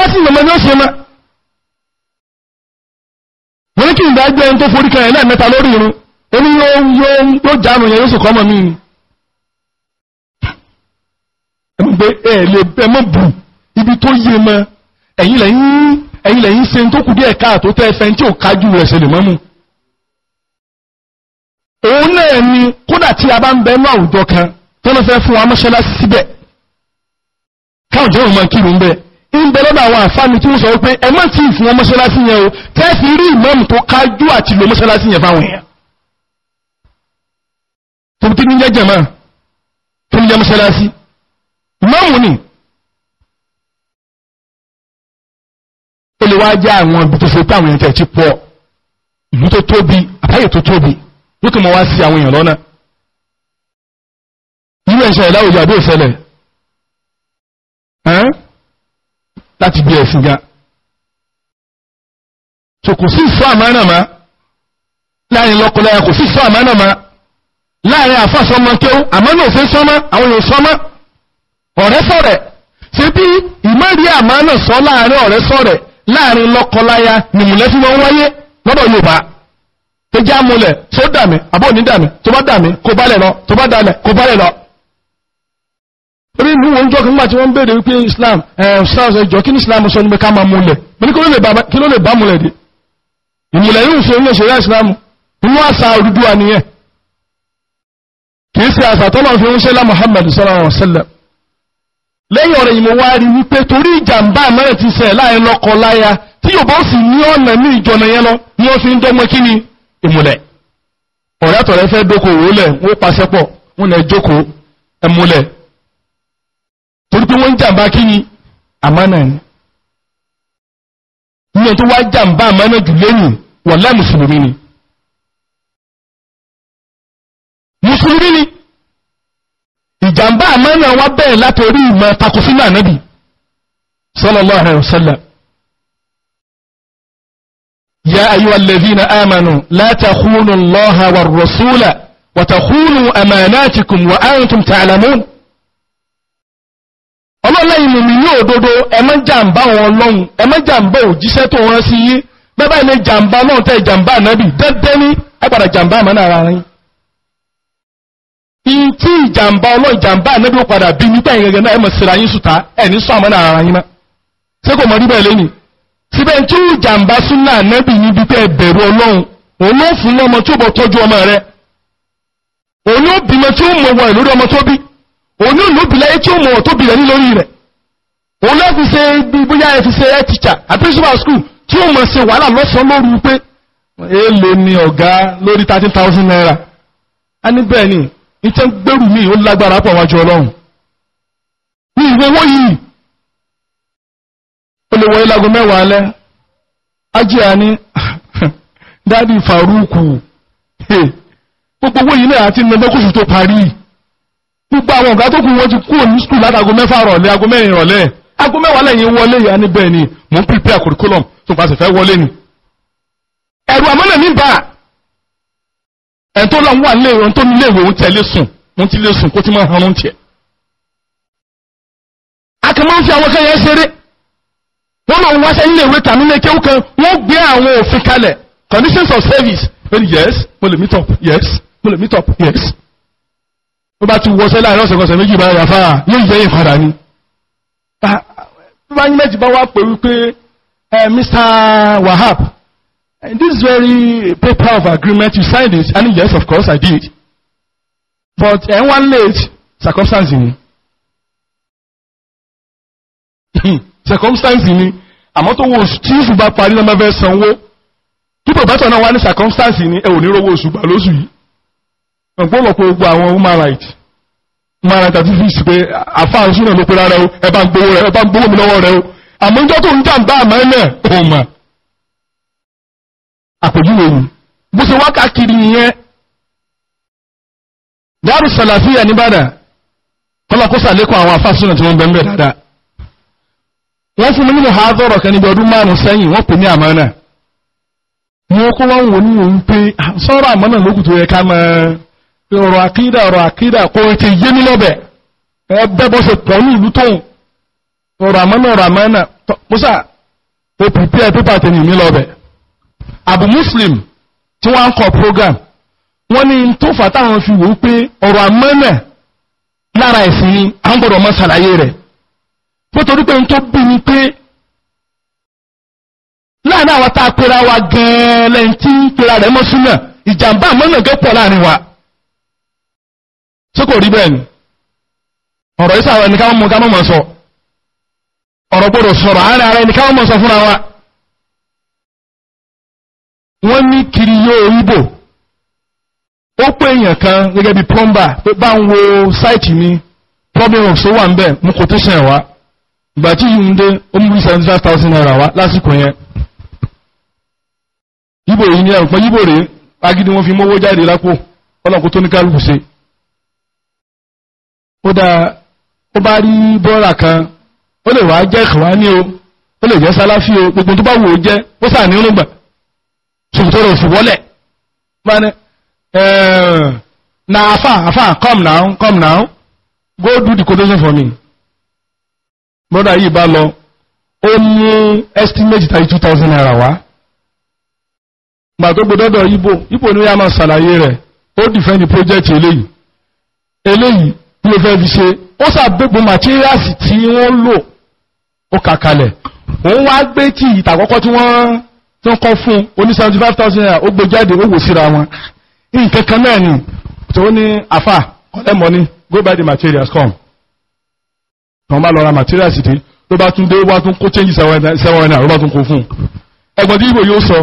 bá sì mọ̀mọ́ ní ó ṣe máa wọ́n kí ìgbà ẹgbẹ́ tó forí kan ẹ̀lẹ́ mẹ́ta lórí irun oní yóò jánu yẹn yóò sì kọ́ mọ̀ mí ni ẹgbẹ́ ẹ̀ lè bẹ́ mọ́ bù ibi tó yé mọ́ ẹ̀yìn se tó kù díẹ̀ káà tó tẹ́ fẹ́ tí ò kájú rẹ̀ ṣe lè mọ́ mu òun náà ni kódà tí a bá ń bẹ ní àwùjọ kan tó wa mọ́ṣáláṣí síbẹ̀ òun ń bẹ lọ́dọ̀ àwọn àfáàmì tí wọ́n sọ wípé ẹ má tí ìfún wọn mọ́ṣáláṣí yẹn o tẹ́ẹ̀fì rí ìmọ́mù tó kájú àti lò mọ́ṣáláṣí yẹn fáwọn èèyàn tó tí ní jẹ́jẹ̀ máa tó ní jẹ́ mọ́ṣáláṣí mọ́mù ni ó lè wá já àwọn ibi tó ṣe pé àwọn èèyàn tẹ̀ ti pọ̀ ìlú tó tóbi àbáyé tó tóbi lókè mọ́ wá sí àwọn èèyàn lọ́nà irú ẹ̀ṣẹ̀ ìláwòjọ àbí ìṣẹ̀lẹ̀ láti bí ẹ̀sìn gan so kò sí ìfọ́ àmánàmá láàrin lọ́kọ láya kò sí ìfọ́ àmánàmá láàrin àfàsọmọ kéwú àmánà òfin sọmọ àwọn èèyàn sọmọ ọ̀rẹ́ sọ̀rẹ̀ ṣe bí ìmọ̀rí àmánà sọ láàrin ọ̀rẹ́ sọ̀rẹ̀ láàrin lọ́kọ láya nìmùlẹ́ fi wọ́n wáyé lọ́dọ̀ Yorùbá tó já múlẹ̀ tó dàmí àbọ̀ ní dàmí tó bá dàmí kó bálẹ̀ lọ tó bá dàmí kó bálẹ̀ lọ ebe ìlú wọn jọ́ kí nígbàtí wọ́n bèèrè wo Islam ṣáàṣì ẹjọ́ kí ní Islam sọ ní pé ká máa múlẹ̀ mẹ́ni kí ló lè bá múlẹ̀ dé ìmúlẹ̀ yóò ṣe Islam inú asa Odùduwà nìyẹn kì í ṣe àṣà tọ́lọ̀ Muhammad sallallahu alaihi wasallam rí wípé torí ìjàmbá ti tí yóò bá sì ní ọ̀nà ní yẹn lọ ni fi ń dọ́gbọ́n ìmùlẹ̀ ọ̀rẹ́ àtọ̀rẹ́ fẹ́ torí pé wọ́n jàmbá kí ni àmánà ni níyàn tó wá jàmbá àmánà jù lẹ́yìn wàlá mùsùlùmí ni mùsùlùmí ni ìjàmbá àmánà wá bẹ́ẹ̀ látorí ìmọ̀ takosínà nábì sallallahu alaihi wasallam يا أيها الذين آمنوا لا تخونوا الله والرسول وتخونوا أماناتكم وأنتم تعلمون ọlọ́lẹ́yìn mùmí ní òdodo ẹmọ́ jàǹbá wọn lọ́hun ẹmọ́ jàǹbá òjíṣẹ́ tó wọ́n sí yí bẹ́bá ilé jàǹbá náà tẹ́ jàǹbá náàbì dẹ́dẹ́ ní ẹgbàdà jàǹbá ara rẹ̀ tí ìjàǹbá ìjàǹbá ó padà bí nípa náà síra yín sùta ẹ̀ ní sọ ara yín ṣé kò mọ̀ lẹ́yìn síbẹ̀ tí ìjàǹbá súnà tẹ́ bẹ̀rù ọlọ́run òun ló fún ọmọ tí ó bọ̀ tọ́jú ọmọ òun ló bímọ tí ó mọ̀ òun ní ìlú bìlẹ̀ tí ó mọ̀ tó bìlẹ̀ ní lórí rẹ̀ òun lẹ́ fi ṣe bóyá ẹ fi ṣe ẹ teacher àti principal school tí ó mọ̀ ṣe wàhálà lọ́sàn-án lóru pé èèlò ni ọ̀gá lórí thirty thousand naira a ní bẹ́ẹ̀ ni ìtẹ́ gbèrú mi ó lágbára pọ̀ wájú ọlọ́run ní ìwé owó yìí ó lè wọlé lágo mẹ́wàá alẹ́ ajíà ní dádì faruku gbogbo owó yìí náà àti nàdọ́kùsù tó parí yìí gbogbo àwọn ọ̀gá tó kù wọ́n ti kúrò ní skul látago mẹ́fà rọ̀lẹ́ ago mẹ́rin rọ̀lẹ́ ago mẹ́wàá lẹ́yìn wọlé yà ní bẹ́ẹ̀ ni mò ń prepare curriculum tó bá sì fẹ́ wọlé ni. ẹ̀rù àmọ́lẹ̀ mi bá ẹ̀ tó lọ́n wà lé ohun tó ní léèwé òun tẹ̀lé sùn òun ti lé sùn kó ti máa han oúnjẹ a kì máa ń fi àwọn kan ṣeré wọ́n lọ wá sẹ́yìn léèwé tàbí lè kéwù kan wọ́n gbé àwọn òfin kalẹ̀ conditions of service well yes mo lè meet up yes mo lè meet up yes ó bá ti wọṣẹ́ láàrin ọ̀sẹ̀kọ̀sẹ̀ méjì bá yàfá yóò yẹ́ ìpadà ni bá ní méjì bá wá pè wípé Mr. Wahab this very paper of agreement you signed it and yes of course I did but ẹ̀ ń wá late circumstance ni circumstance ni àmọ́ tó wo steve bá parí lọ́mọ fẹ́ sanwó kí bàbá tó náà wá ní circumstance ni ẹ ò ní rówó oṣù gbà lóṣù yìí ọ̀pọ̀lọpọ̀ gbogbo àwọn human rights human rights àti fíìsì pé àfáà súnà ló pe rárá o ẹ bá ń gbowó rẹ ẹ bá ń gbowó mi lọ́wọ́ rẹ o àmọ́ ìjọ tó ń jà ń bá àmọ́ ẹ̀lẹ̀ òun mà àpèjúwe yìí bó ṣe wá káàkiri nìyẹn dáàrú sàlàfíà nìbàdàn kọ́lá kó sàlékún àwọn àfáà súnà tí wọ́n bẹ̀ ń bẹ̀ dáadáa wọ́n fún mi nínú haadọ́rọ̀ kan níbi ọdún márùn-ún sẹ́yìn wọ́n pè ní àmánà mo kó wọn wò ní òun pé sọ́rọ̀ àmánà lókùtò yẹ ká máa ọ̀rọ̀ àkídà ọ̀rọ̀ àkídà kò ètè yé lọ́bẹ̀ bọ́ ṣe pọ̀ ní ìlú tóun ọ̀rọ̀ àmọ́nà ọ̀rọ̀ àmọ́nà mọ́sà tẹ̀ ní Abu Muslim tí wọ́n program wọ́n ní tó fà fi wò pé ọ̀rọ̀ àmọ́nà lára ẹ̀sìn ni ń gbọ́dọ̀ mọ́ rẹ̀ bó a wa gan-an lẹ́yìn tí ń pera rẹ̀ mọ́ wa. ṣé kò rí bẹ́ẹ̀ ni ọ̀rọ̀ yìí sàwọn ẹnìkan mú ká mọ̀ sọ ọ̀rọ̀ gbọ́dọ̀ sọ̀rọ̀ àárín ara ẹnìkan mọ̀ sọ fúnra wa wọ́n ní kiri yóò ibo ó pé èèyàn kan gẹ́gẹ́ bí plumber pé bá ń wo sáìtì mi problem so wà ń bẹ̀ mú kò tó sàn wá ìgbà tí yìí ń dé ó mú seventy five thousand naira wá lásìkò yẹn ibo yìí ni ẹ̀rùn pọ́n ibo rèé agídí wọn fi mówó jáde lápò ọlọ́kùn tó ní kálukú ṣe ó dáa ó bá rí bọ́ọ̀rà kan ó lè wá jẹ́ ìkàwání o ó lè jẹ́ sáláfí o gbogbo tó bá wò ó jẹ́ ó sà ní irúgbà ṣòkòtò rẹ̀ wọ́lẹ̀ eh, na afa afa come now come now go do the quotation for me brother yìí bá lọ ó ní estimate yi two thousand naira wá gbà tó ibo ibo ni ya á máa ṣàlàyé rẹ̀ ó defend the project eléyìí ló fẹ́ fi ṣe ó ṣàgbégbò materials tí wọ́n lò ó kàkalẹ̀ òun wá gbé tí ìtàkọ́kọ́ tí wọ́n tó ń kọ́ fún oní 75,000 naira ó gbé jáde ó wò síra wọn nǹkan kan náà ni tó ní àfà ọ̀lẹ́ mọ́ni go buy the materials come tọ́n bá lọ ra materials dé ló bá tún dé ó bá tún kó change seven naira ló bá tún kó fún ẹgbọ́n tí ibo yóò sọ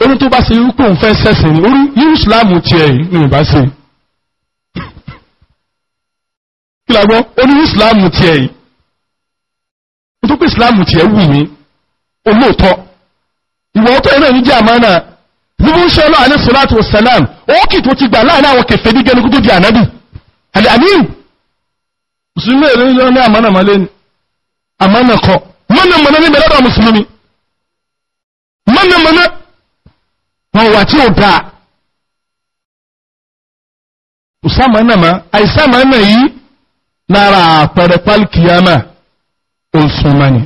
ó ní tó bá ṣe irú pé òun fẹ́ sẹ́sìn ní irú Islam tiẹ̀ ní ìbá ṣe kí la gbọ́ ó ní islam tiẹ̀ yìí ó tó pé islam tiẹ̀ wù mí olóòótọ́ ìwọ ọtọ́ yẹn náà ní jẹ́ àmánà níbo ń ṣe ọlọ́ alẹ́ sọláàtì wasalam ókì tó ti gbà láàrin àwọn kẹfẹ́ ní gẹnu kúkú di ànábì àdé àmín mùsùlùmí èrè ní ọ̀nà àmánà màlẹ́ ni àmánà kọ mọ̀nàmọ̀nà ní mẹ́rẹ́dà mùsùlùmí mọ̀nàmọ̀nà wọn wà tí ò dáa òsàmánà mà àìsàmánà yìí nara àpẹẹrẹ pálkìyàmà oṣù mani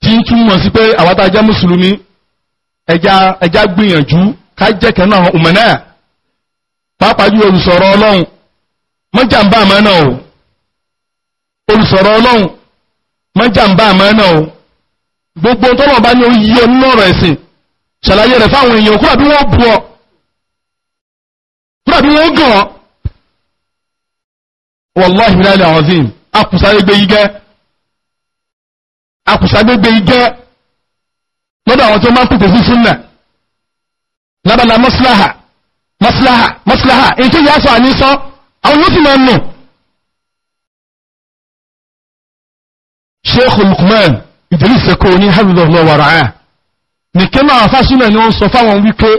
tí ń túnmọ̀ sí pé àwátá ajá mùsùlùmí ẹjá gbìyànjú ká jẹ́kẹ̀ náà ọmọdé pàápàá jù olùsọ̀rọ̀ ọlọ́run mọ́jàmbá àmọ́nà o olùsọ̀rọ̀ ọlọ́run mọ́jàmbá o gbogbo tọ́lọ̀ bá ní oyí nínú ọ̀rọ̀ ẹ̀sìn ṣàlàyé rẹ̀ fáwọn èèyàn kúrò bí bu ọ àbí wọ́n gàn ọ́ wọ́lọ́hì mi láìlẹ̀ àwọn zim akùsàgbégbé igẹ́ akùsàgbégbé igẹ́ lọ́dọ̀ àwọn tó máa ń pèpè sí súnà lábàlá mọ́síláhà mọ́síláhà mọ́síláhà èyí tó yà sọ àní sọ àwọn yóò ti máa ń nù sheikh lukman ìdílé ìsẹ̀kọ́ ní hàbílọ̀ lọ́wọ́ra ẹ̀ nìkẹ́ máa fásúnà ni wọ́n sọ fáwọn wípé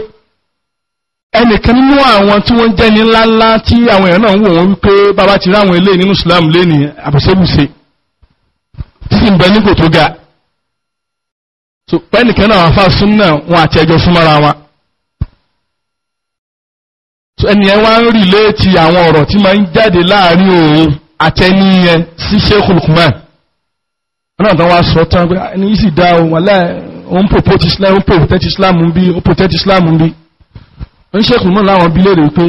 ẹnìkan nínú àwọn tí wọ́n jẹ́ ní ńláńlá tí àwọn èèyàn náà ń wò wọ́n wípé bàbá ti ráwọn ilé nínú Islam lé ní àbùsẹ́bùsẹ́ tí sì ń bẹ nípò tó ga so pẹ́nìkan náà wọ́n fà sún náà wọn àti ẹjọ́ súnmọ́ra wọn so ẹni yẹn wá ń rí léètì àwọn ọ̀rọ̀ tí máa ń jáde láàrin òun àtẹni yẹn sí Sheikh Lukman náà tán wá sọ tán pé ẹni yìí sì dá o wàlẹ́ òun pò pò ti Islam òun pò pò Islam bí ó pò tẹ́ Islam bí ń ṣe kùnmọ́ láwọn bí léèrè pé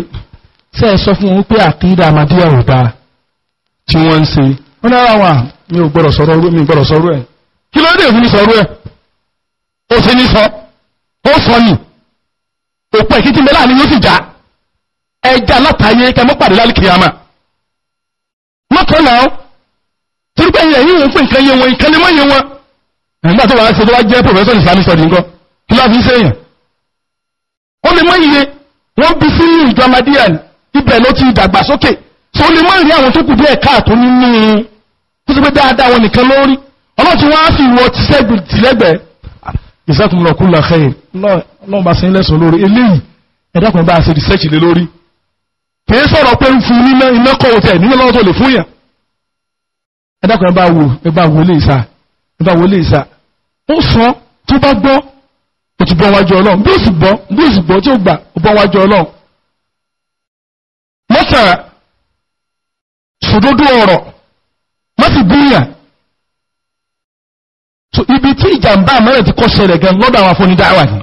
ṣé ẹ sọ fún wọn pé àkídà àmàdíyà ò dáa tí wọ́n ń ṣe wọ́n lára wọn mi ò gbọ́dọ̀ sọ̀rọ̀ orú mi gbọ́dọ̀ sọ̀rọ̀ ẹ̀ kí ló dé òfin sọ̀rọ̀ ẹ̀ ó ṣe ní sọ ó sọ nì òpó ẹ̀kí tí ni yóò sì já ẹja látàyè kẹmọ́ pàdé lálùkì àmà mọ́tò náà torí pé ẹ̀yìn òun fún ìkànnì wọn ìkànnì mọ́ yẹn wọn ẹ̀ńgbà tó wàá ṣe tó wá jẹ́ pòfẹ́sọ̀ ìsàmì sọ̀dí kí ló fi ń ṣèyàn ó lè mọ́ iye wọ́n bí sí ìjọ amadíyà ibẹ̀ ló ti dàgbàsókè so ó lè mọ́ ìrí àwọn tó kù díẹ̀ káàtó nínú tó sì pé dáadáa wọn nìkan lórí ọlọ́ tí wọ́n á fi wọ ti sẹ́gbù tìlẹ́gbẹ̀ẹ́ ìsẹ́kùnlọ́kùnlọ́ ẹ̀yìn lọ́wọ́n bá sẹ́yìn lẹ́sùn lórí eléyìí ẹ̀dàkùnrin bá ṣe research lé lórí kìí sọ̀rọ̀ pé ń fún níná iná kọ̀ òtẹ̀ nínú lọ́wọ́ tó lè fún yàn ẹ̀dàkùnrin bá wò ẹgbà wò lè sà ẹgbà wò lè sà ó sọ tó bá gbọ́ ó ti bọ́ wájú ọlọ́run bí ó sì bọ́ bí ó sì bọ́ tí ó gbà ó bọ́ wájú ọlọ́run. mọ́tà sòdodo ọ̀rọ̀ mọ́tì búyà so ibi tí ìjàmbá mẹ́rin ti kọ́ ṣẹlẹ̀ gan lọ́dọ̀ àwọn afọ́nidáwà ni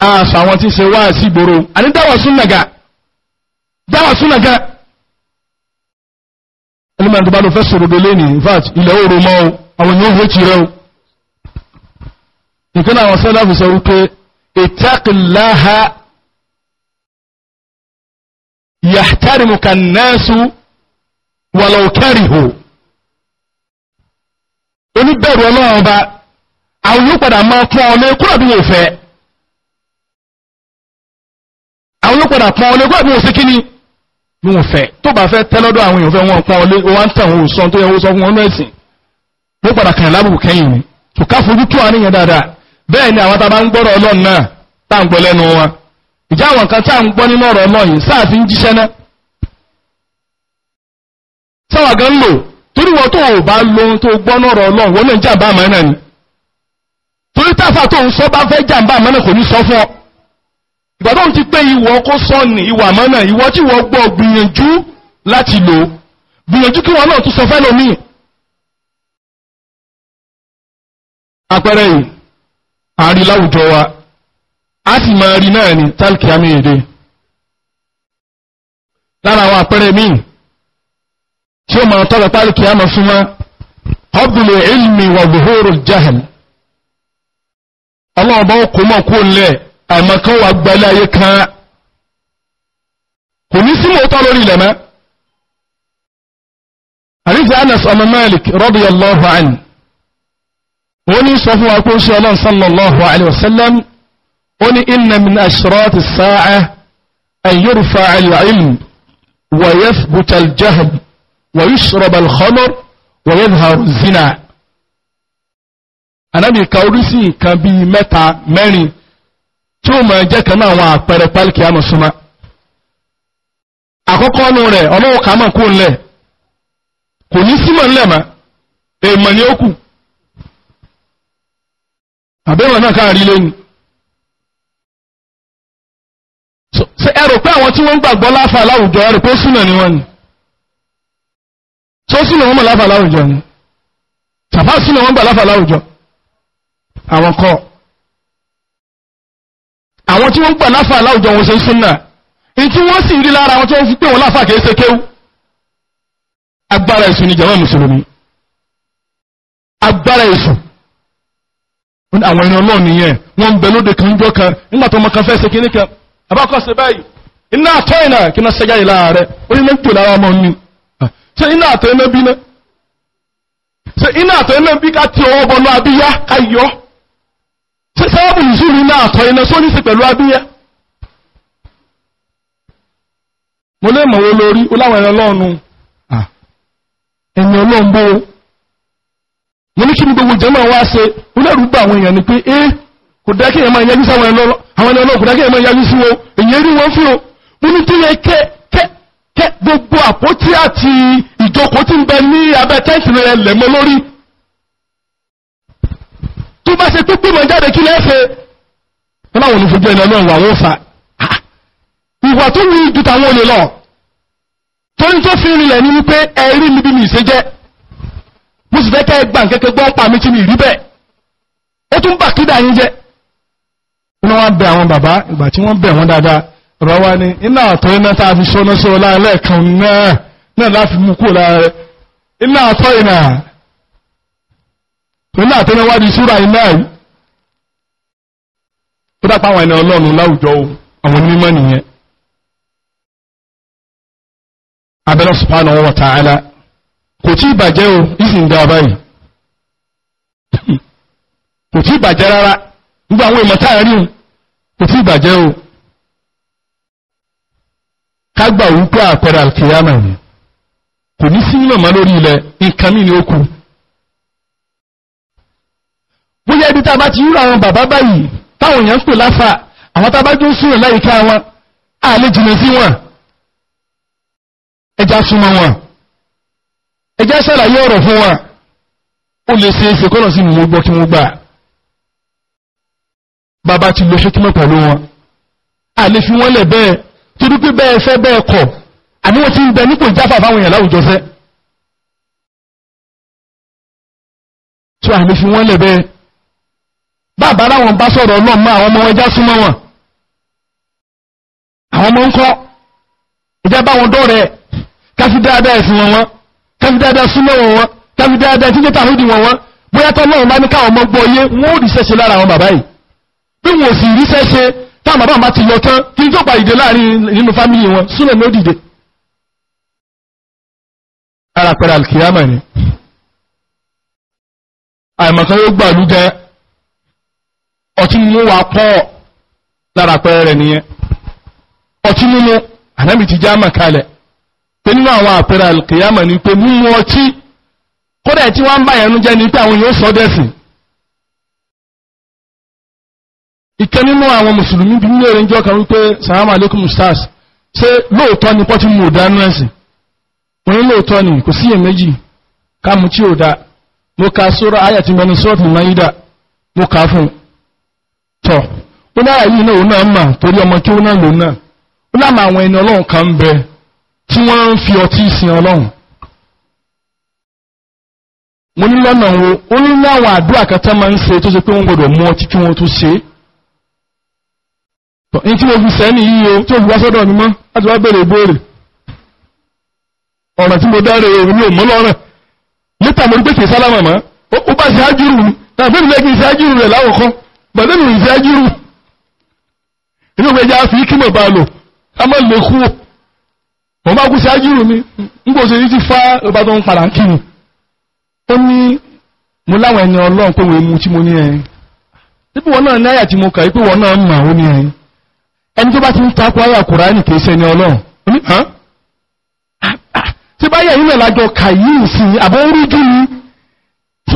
àṣà àwọn tí ń ṣe wá sí ìgboro àní dáwà súnàgà dáwà súnàgà ẹlẹ́mọ̀ àti bá lọ fẹ́ sòdodo lẹ́nìí in fact ilẹ̀ òòrùn mọ́ àwọn yóò hẹ́tì rẹ o ìkínà àwọn sẹ́lẹ̀fù sọ wípé ìtẹ́kìláha yàtàrímùkà nẹ́ẹ̀sù wàlọ̀kẹ́rìhò oníbẹ̀rù ọlọ́run ọba àwọn yóò padà máa pọ́n ọlé kúrò bí wọ́n fẹ́ àwọn yóò padà pọ́n ọlé kúrò bí wọ́n sí kíní bí wọ́n fẹ́ tó bá fẹ́ tẹ́lọ́dọ̀ àwọn èèyàn fẹ́ wọ́n pọ́n ọlé wọ́n ń tẹ̀wọ̀n òsàn tó yẹ wọ́n sọ fún wọn lẹ́sìn wọ́n padà kàn lábùkù kẹ́yìn ni kò fojú tó àníyàn dáadáa bẹ́ẹ̀ ni àwọn tàbá ń gbọ́rọ̀ ọlọ́run náà tá ń gbọ́ lẹ́nu wọn ìjà àwọn kan tá ń gbọ́ nínú ọ̀rọ̀ fi jíṣẹ́ náà sáwà gan lò torí wọ́n tó bá lo ohun tó gbọ́ ọlọ́run wọ́n ni torí táfà tó ń sọ bá fẹ́ jàǹbá àmọ́ náà kò ní sọ fún ọ ti pé ìwà àmọ́ náà tí wọ́n gbọ́ gbìyànjú láti lò gbìyànjú kí wọn náà tún sọ fẹ́ lómi àpẹẹrẹ a rí láwùjọ wa a sì máa rí náà ní tálkì àmì èdè lára àwọn àpẹẹrẹ míì tí ó máa tọ́lọ tálkì àmì súnmọ́ hubbul ilmi wa zuhurul jahl ọlọ́ọ̀bá kò mọ̀ kó lẹ̀ àìmọ̀kan wà gbẹ́lẹ̀ ayé kan kò ní sí mọ́tọ́ lórí ilẹ̀ mẹ́ àríṣẹ́ Anas ọmọ Malik radiyallahu anhu wọ́n ní sọ fún wa pé ṣe ọlọ́run sallallahu alaihi wasallam ó ní inna min ashrati sa'a an yurfa al-ilm wa yathbut al-jahl wa yushrab al-khamr wa yadhhar zina anábì ka orísìí nǹkan bíi mẹ́ta mẹ́rin tí ó máa jẹ́ kan àwọn àpẹẹrẹ pálíkì àmọ̀sọ́mọ́ àkọ́kọ́ nù rẹ̀ ọlọ́wọ́ kà kó lẹ̀ kò ní símọ̀ ńlẹ̀ mọ́ èèmọ̀ ni ó kù àbẹ́wọ̀n náà káàrí lẹ́nu ṣe ẹrù pé àwọn tí wọ́n ń gbàgbọ́ láfà láwùjọ ẹrù pé súnà ni wọ́n ni tó súnà wọ́n mọ̀ láfà láwùjọ ni tàbá súnà wọ́n gbà láfà láwùjọ àwọn kọ́ àwọn tí wọ́n ń gbà láfà láwùjọ wọn ṣe súnà ìtí wọ́n sì rí lára àwọn tí wọ́n fi pé wọn láfà kìí ṣe kéwú agbára èṣù ni jàmá mùsùlùmí agbára èṣù àwọn ẹni ọlọ́run nìyẹn wọ́n bụ bẹ lóde kan jọ kan nígbà tó ọmọ kan fẹ́ ṣe kíní kan àbákọ́ ṣe báyìí iná àtọ́ ìnà kí wọ́n ó ní méjì lára ọmọ ni ah, ṣé iná àtọ́ iná bí náà ṣé iná àtọ́ iná bí ká ti mo ní kí ni gbogbo jẹ́mọ̀ wá ṣe onírúgbà àwọn èèyàn ni pé ẹ́ kò dákẹ́ ẹ̀mọ́ ìyájú sáwọn ẹ̀lọ́ àwọn ẹ̀lọ́ kò dákẹ́ ẹ̀mọ́ ìyájú sí o èyí rí wọ́n fún o mo ní kí ni kẹ́ kẹ́ kẹ́ gbogbo àpótí àti ìjókòó tí ń bẹ ní abẹ́ tẹ́ǹtì rẹ̀ lẹ̀mọ́ lórí tó bá ṣe tó gbìmọ̀ jáde kí lẹ́fẹ̀ ọláwọn olùfojú ẹni ọlọ́run àwọn òfà ìwà tó wù ú ju tàwọn olè lọ torí tó fi rinlẹ̀ ní wípé ẹ̀rí níbi mi ìṣe jẹ́ mo sì fẹ́ kẹ́ gbà kẹ́kẹ́ gbọ́n mi tí mi rí bẹ́ẹ̀ ó tún bà kídà yín jẹ́ inú wọn bẹ àwọn bàbá ìgbà tí wọ́n bẹ̀ wọ́n dáadáa ni iná àtọ́ iná tá a fi ṣọ́nà sí ọlá ẹlẹ́ẹ̀kan náà náà láfi mú kúrò lára rẹ̀ iná àtọ́ iná iná àtọ́ iná wádìí súra iná yìí ó dápá àwọn ẹni ọlọ́run láwùjọ àwọn onímọ̀ nìyẹn abẹ́rẹ́ kò tí ìbàjẹ́ o ìsìn ga báyìí kò tí ìbàjẹ́ rárá nígbà àwọn ìmọ̀ta rí o kò tí ìbàjẹ́ o kágbà wípé àpẹẹrẹ alkiyama ni kò ní sí ìmọ̀ lórí ilẹ̀ nǹkan mí ni ó kù bóyá ibi tá a bá ti rúra àwọn bàbá báyìí táwọn èèyàn ń pè láfà àwọn tá a bá jó sùn láyìíká wọn àlejò lè sí wọn ẹja súnmọ́ wọn. ẹjẹ́ sàlàyé ọ̀rọ̀ fún wa ó lè ṣe é ṣe kọ́nà sí ìmú gbọ́ kí wọ́n gbà bàbá ti lo ṣókímọ̀ pẹ̀lú wọn a lè fi wọ́n lẹ̀ bẹ́ẹ̀ torí pé bẹ́ẹ̀ fẹ́ bẹ́ẹ̀ kọ̀ àní wọ́n ti ń bẹ nípò ìjáfà fáwọn èèyàn láwùjọ fẹ́ tó a lè fi wọ́n lẹ̀ bẹ́ẹ̀ bàbá láwọn bá sọ̀rọ̀ ọlọ́run mọ́ àwọn ọmọ wọn já súnmọ́ wọn àwọn ọmọ ń kọ́ ìjábá wọn dọ́rẹ̀ẹ́ káfí dáadáa ẹ̀sìn wọn wọn káfí dáadáa súnmọ́ wọn wọn káfí dáadáa tí jẹ́ta àhúdì wọn wọn bóyá tó náà bá ní káwọn ọmọ gbọ́ yé wọn ò ríṣẹ́ ṣe lára àwọn bàbá yìí bí wọn ò sì ríṣẹ́ ṣe táwọn bàbá bá ti yọ tán kí n tó ìdè láàrin nínú fámìlì wọn súnmọ́ ní ó dìde. ara pẹ̀lú alkiyama ni àìmọ̀kan yóò gbàlú jẹ́ ti já mọ̀ kalẹ̀ pé nínú àwọn àpẹẹrẹ alkiyama ni pé mímú ọtí kódà tí wọ́n ń bá ẹnu jẹ́ ni pé àwọn yóò sọ ike ìkẹ́ nínú àwọn mùsùlùmí bí nílé ìrìnjọ́ kan wípé salamu alaikum stars ṣé lóòótọ́ ni pọ́tí mú ìdánú ẹ̀sìn wọ́n ní lóòótọ́ ni kò síyè méjì tí ò mo ka sóra ayà tí mẹnu sọ́ọ̀tì mayida mo kà á fún tọ́ ó yìí náà náà mà torí tí wọ́n ń fi ọtí sin ọlọ́run mo ní lọ́nà wo ó ní láwọn àdúrà kan tán máa ń ṣe tó ṣe pé wọ́n gbọ́dọ̀ mú ọtí kí wọ́n tó ṣe é ní tí mo fi sẹ́ni yìí o tí mo fi wá sọ́dọ̀ mi mọ́ láti wá béèrè ìbéèrè ọ̀rọ̀ tí mo dáre o mi ò mọ́ lọ́rọ̀ níta mo rí pé kì sálámà mọ́ ó bá ṣe ájúrù ni tàbí mi lẹ́kì í ṣe ájúrù rẹ̀ láwòkọ́ gbọ̀dọ̀ mi ì ṣe ájúrù inú mi já fi kí mo bá lò ká má lè kú mo bá kú sí ájírù mi nígbà òṣèré ti fá ọba tó ń padà ń kírun ó ní mo láwọn ẹni ọlọ́run pé wèé tí mo ní ẹyin wọn náà ní àyà tí mo kà pé wọn náà mà ó ní ẹyin ẹni tó bá ti ń ta àyà kùránì kì í ṣe ẹni ọlọ́run omi hàn tí bá yẹ ìlú ẹ̀lájọ kà yìí àbọ̀ orí jù ní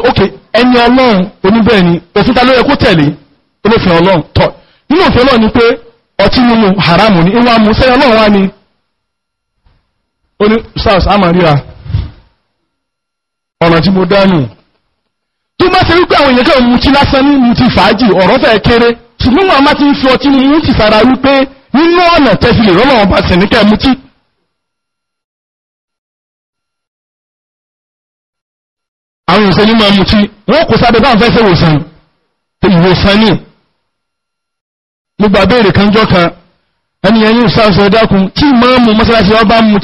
ok ẹni ọlọ́run oníbẹ̀ẹ́ ni òfin ta ló yẹ kó tẹ̀lé olófin ọlọ́run tọ̀ nínú òfin ọlọ́run ni pé ó ní sars amaria ọ̀nà tí mo dánù tó bá ṣe wípé àwọn èèyàn kan mú lásán ní mú ti fàájì ọ̀rọ̀ fẹ́ kéré ṣùgbọ́n wọn ti ń fi ọtí mú ti sára wípé nínú ọ̀nà tẹ́fìlì rọ́lọ́wọ́n bá sì ní mú tí àwọn ìṣẹ́ ní máa mú tí wọ́n kò sábẹ́ bá fẹ́ ṣe ìwòsàn ìwòsàn ní gbogbo abẹ́rẹ̀ kan jọ kan ẹni ọba mú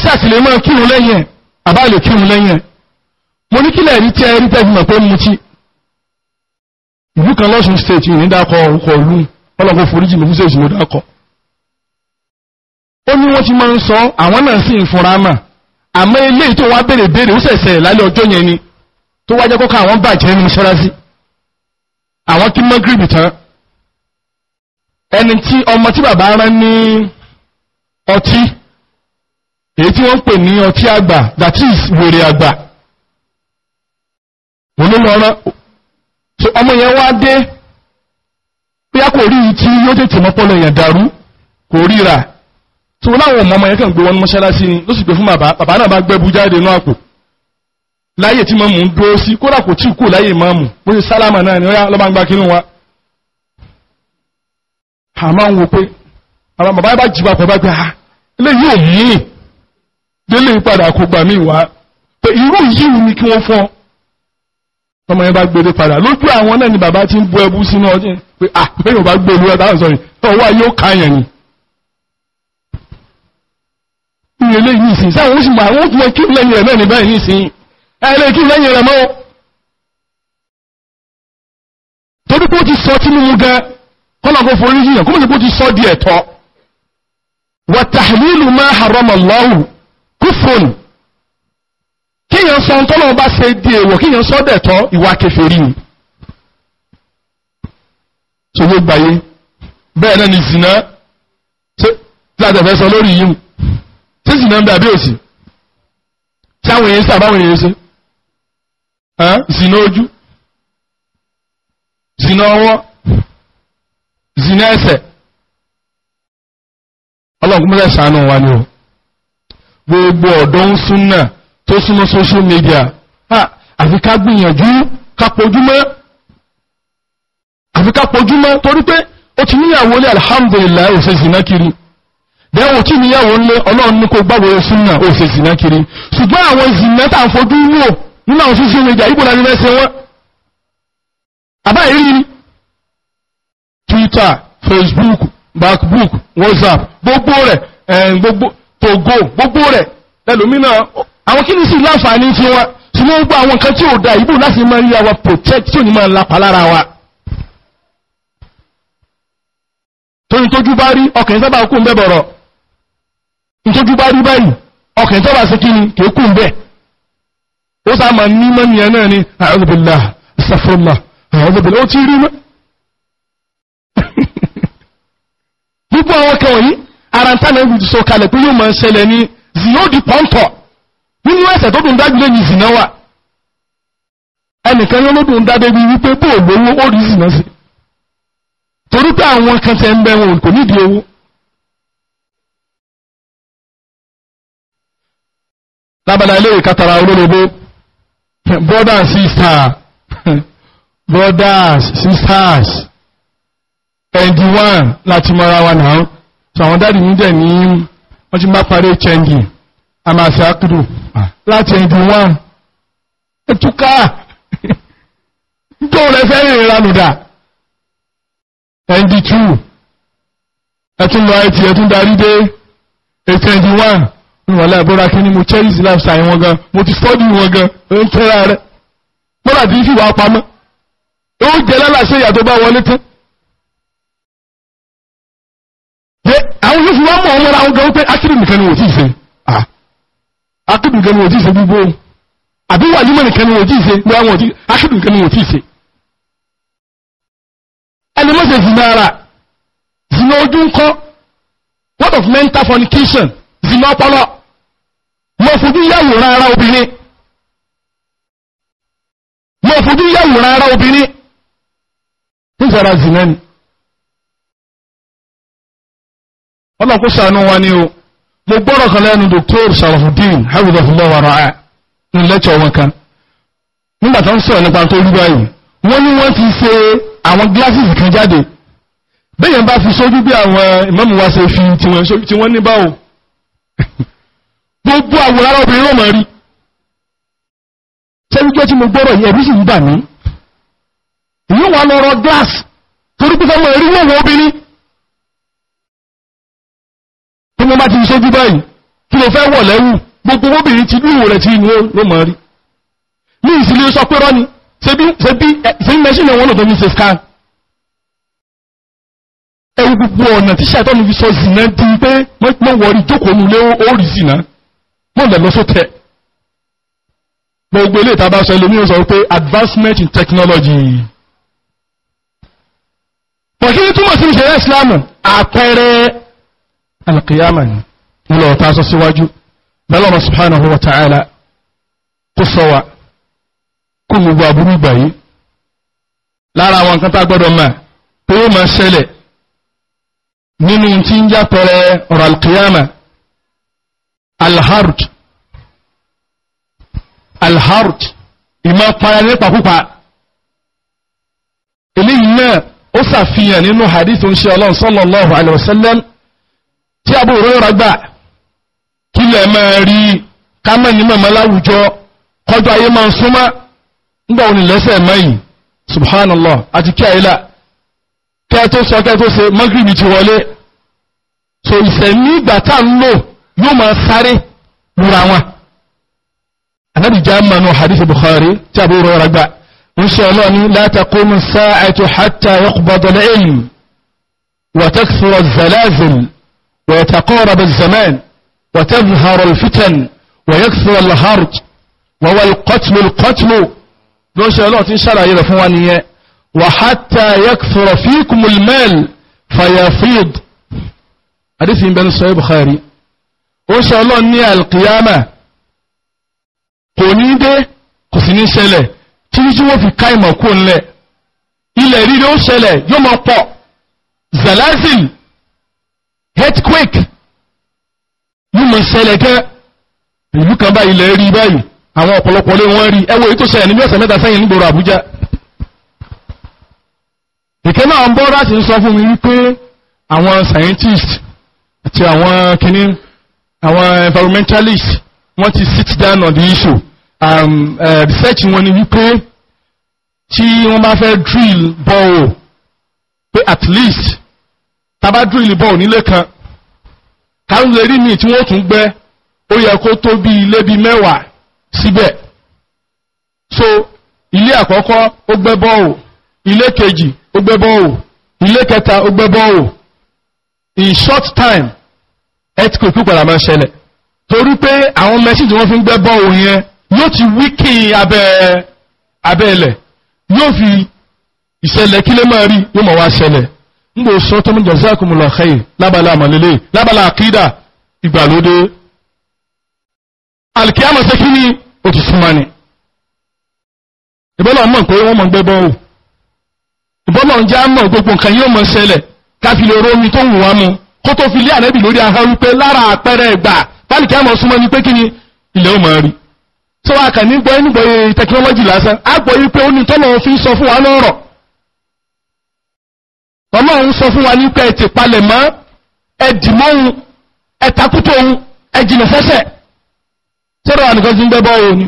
sí àtìlẹ́ máa kírun lẹ́yìn ẹ̀ àbá lè kírun lẹ́yìn ẹ̀ mo ní kílẹ̀ rí tí ẹ rí tẹ́jú mọ̀ pé mu tí ìlú kan lọ́sùn state yìí ní dákọ̀ ọkọ̀ ìlú ọlọ́kọ̀ foríjì mi fúnṣẹ́ ìṣúná dákọ̀ ó ní wọ́n ti máa ń sọ àwọn náà sì ń fúnra mà àmọ́ ilé tó wá béèrè ni tó wá jẹ́ àwọn bàjẹ́ àwọn ọmọ tí bàbá rán ní ọtí èyí tí wọ́n pè ní ọtí àgbà that is wèrè àgbà olólọ́rán so ọmọ yẹn wá dé bí a kò rí i tí yóò tètè mọ́pọ́lọ èèyàn dàrú kò ríra tí wọ́n láwọn ọmọ ọmọ yẹn kàn gbé wọn mọ́ṣáláṣí ni ló sì gbé fún bàbá bàbá náà bá gbẹ́bu jáde inú àpò láyè tí mọ́mù ń dúró sí kódà kò tíì kú láyè mọ́mù bó ṣe sálámà náà ni ó yá lọ́ba ń kínú wa àmọ́ bá jìbà ha ah, eléyìí ò mú délé ìpadà kò gbà mí wá pé irú yìí ni kí wọ́n fọ́ tọmọ yẹn bá gbélé padà lójú àwọn náà ni bàbá ti ń bu ẹbú sínú ọjọ́ pé à lẹ́yìn ọba gbélé ọ̀dà àǹsọ̀ yìí tọ́wọ́ ayé ó ka yẹn ni. ìyẹn lè yí ìsìn sáwọn oṣù màá wọ́n fi kí lẹ́yìn rẹ̀ náà ní báyìí nísìnyí ẹ lè kí lẹ́yìn rẹ̀ mọ́. torí pé ó ti sọ Tinubu gan kọ́nà kó forí yíyan kó mọ̀ ní kó ti sọ di ẹ̀tọ́ wàtàlílù máa haramallahu kúfòrò kíyàn sọ tọ́lọ́wọ́ bá ṣe di èèwọ̀ kíyàn sọ dẹ̀tọ́ ìwà kèfèrí ni tó ló gbàyé bẹ́ẹ̀ náà ni zina tí a tẹ̀fẹ́ sọ lórí yìí tí zina ń bẹ àbí òsì tí àwọn èèyàn sábà àwọn èèyàn ṣe zina ojú zina ọwọ́ zina ẹsẹ̀ ọlọ́run kúmọ́lẹ̀ ṣàánú wa ni o gbogbo ọ̀dọ́ ń súnà tó súnmọ́ social media àfi ká gbìyànjú ká pojúmọ́ àfi ká pojúmọ́ torí pé ó ti níyàwó lé alhamdulillah òfin zina kiri bẹ́ẹ̀ ò tí níyàwó lé ọlọ́run ní kó gbàgbọ́ òfin zina kiri ṣùgbọ́n àwọn zina tá à ń fojú wò nínú àwọn social media ibo la ní fẹ́ ṣe wọ́n àbá ìrírí Twitter Facebook backbook WhatsApp gbogbo rẹ̀ eh, gbogbo tògó gbogbo rẹ̀ ẹlòmínà àwọn kí si sí láǹfààní tí wọ́n tí wọ́n gbọ́ àwọn nǹkan tí ò da ìbò láti máa rí àwa protect tí ò ní máa wa torí tójú bá rí ọkàn sábà kú ń bẹ́ bọ̀rọ̀ ìtójú bá rí báyìí ọkàn sábà sí kí ni kú ń ó sá máa ní mọ́ nìyẹn ni ara ń tánà ìwùjì sọ kalẹ̀ pé yóò máa ni ní zinodi pọ́ńtọ̀ nínú ẹ̀sẹ̀ tó dùn dájú lé ní zina wà ẹnìkan yóò ló dùn dájú bí wípé bó lówó ó rí zina sí torí pé àwọn kan ń bẹ wọn kò nídìí owó lábàlá ilé ìkàtàrà olólobó brother and brothers sisters ẹ̀ndì one láti mọ́ra wa náà so dáàdì mi dẹ̀ ní wọ́n ti bá parí hnd a ah. láti ẹ̀dùn wọn ẹ̀túká tó rẹ̀ fẹ́ rìn ìranùdà hnd2 ẹ̀tún lọ ẹ̀tì ẹ̀tún darí dé mo cherish life sáyé wọn gan mo ti wọn gan tẹ́ra pamọ́ ó jẹ́ lálàṣẹ́ àwọn tó fi wá mọ̀ ọmọ àwọn gan pé akíbi nìkan ni wò tí ì ṣe akíbi nìkan ni wò tí ì ṣe bíbó àbí wà nímọ̀ nìkan ni wò tí ì zina ara zina ojú word of mental fornication zina ọpọlọ mọ̀ fojú yàwò rárá obìnrin mọ̀ fojú yàwò ọlọ́run kó ṣàánú wa ni o mo gbọ́rọ̀ kan lẹ́nu Dr. Sharafudin hafidhahullah wa ra'a ní lẹ́tọ̀ wọn kan nígbà tó ń sọ̀rọ̀ nípa tó rí báyìí wọ́n ní wọ́n ti ṣe àwọn glasses kan jáde bẹ́yẹn bá fi sójú bí àwọn ìmáàmù wa ṣe fi tí wọ́n ní báwo gbogbo àwòrán obìnrin náà mọ̀ rí sẹ́yìnjọ́ tí mo gbọ́rọ̀ sì ń bà mí torí pé fẹ́ bá ti sójú báyìí kí ló fẹ́ wọ̀ lẹ́wù gbogbo obìnrin ti lúwò rẹ̀ tí inú ló mọ̀ rí ní ìsìlẹ̀ sọ pé rọ́ni ṣe bí mẹ́ṣínà wọn lọ́dọ́ ní ṣe scan ẹwù gbogbo ọ̀nà tí ṣàtọ́nù fi sọ zìnà di pé mọ́ wọ̀rí jókòó nílé ó rí zìnà mọ́ lẹ̀ lọ́sọ tẹ̀ gbogbo ilé ìtaba sọ ilé ní sọ pé advancement in technology pọ̀kí túmọ̀ sí ìṣẹ̀lẹ̀ ìsìlámù àpẹẹrẹ alkiyama ni wọ́n lọ tàṣọ síwájú bẹ́lọ́mọ̀ subhanahu wa ta'ala kó sọ wa kó gbogbo aburú ìgbà yìí lára àwọn nǹkan tá gbọ́dọ̀ máa pé ó máa ṣẹlẹ̀ nínú tí ń jápẹrẹ ọ̀rọ̀ alkiyama alhard alhard ìmọ̀ para nípa púpa eléyìí náà ó ṣàfihàn nínú hadith ń ọlọ́run sallallahu alaihi wasallam tí Abu Hurairah gbà kílẹ̀ máa rí kámẹ́ ní mọ̀mọ́ láwùjọ kọjọ ayé máa ń súnmọ́ nígbà òní lẹ́sẹ̀ mẹ́yìn subhanallah àti kí àyílà kẹ́ tó sọ kẹ́ tó ṣe mọ́gìrìbì ti wọlé so ìsẹ̀mí ìgbà tá ń lò yóò máa sáré lura wọn anábì já hadith Bukhari tí Abu Hurairah gbà ń ọlọ́ni la taqumu as-sa'atu hatta yuqbada al-'ilm ويتقارب الزمان وتظهر الفتن ويكثر الهرج وهو القتل القتل وحتى يكثر فيكم المال فيفيض حديث بن صحيح البخاري وشاء الله اني القيامة قنيدة قسني سلة تيجي في كايمة كون لي إلا ريلو سلة يوم أقوى زلازل earthquake ní mọ̀ ṣẹlẹ̀ gẹ́ ìlú kan báyìí lẹ́ rí báyìí àwọn ọ̀pọ̀lọpọ̀ lé wọ́n rí ẹwọ́ ètò ṣẹlẹ̀ níbi ọ̀sẹ̀ mẹ́ta sẹ́yìn nígboro Àbújá ìkẹ́ náà ń bọ́ láti sọ fún mi wípé àwọn scientists àti àwọn kìíní àwọn environmentalists wọ́n ti sit down on the issue um, uh, research wọn ni wípé tí wọ́n bá fẹ́ drill borehole pé at least tàbá dúrìlì bọ́ onílé kan káwọn lè rí mi tí wọ́n tún gbẹ́ ó yẹ kó tó bí ilé bíi mẹ́wàá síbẹ̀ so ilé àkọ́kọ́ ó gbẹ́ bọ́ọ̀ ilé kejì ó gbẹ́ bọ́ọ̀ ilé kẹta ó gbẹ́ bọ́ọ̀ in short time earthquake padà máa ń ṣẹlẹ̀ torí pé àwọn mẹ́ṣíìnì wọ́n fi ń gbẹ́ bọ́ọ̀ yẹn yóò ti wíkì abẹ́ abẹ́ ilẹ̀ yóò fi ìṣẹ̀lẹ̀ kílé máa rí yóò máa wá ṣẹlẹ̀ nígbà sọ tó mú jazakumullahu khair lábala àmàlélé lábala àkídà ìgbàlódé alkiyama ṣe kí ni o ti súnmọ́ ni ìbọ́lọ̀ mọ̀ pé wọ́n mọ̀ gbẹ́ bọ́ o ìbọ́lọ̀ ń já mọ̀ gbogbo nǹkan yóò mọ̀ ṣẹlẹ̀ káfílẹ̀ oró omi tó wù wá mu kó tó fi lé ànẹ́bì lórí ahọ́n wípé lára àpẹẹrẹ ìgbà alkiyama súnmọ́ ni pé kí ni ilẹ̀ ó mọ̀ rí tí wọ́n kà ní gbọ́ ẹnugbọ́ tẹkinọ́lọ́jì lásán á gbọ́ yí pé ó ní tọ́lọ́ fi ń sọ fún wa lọ́rọ̀ ọlọ́run sọ fún wa ní pé ẹ̀tì palẹ̀ mọ́ ẹ̀dìmọ́hun ẹ̀takútò ohun ẹ̀jìnà fẹ́sẹ̀ tẹ́rọ ànìkan ti ń gbẹ́bọ́ ohun ni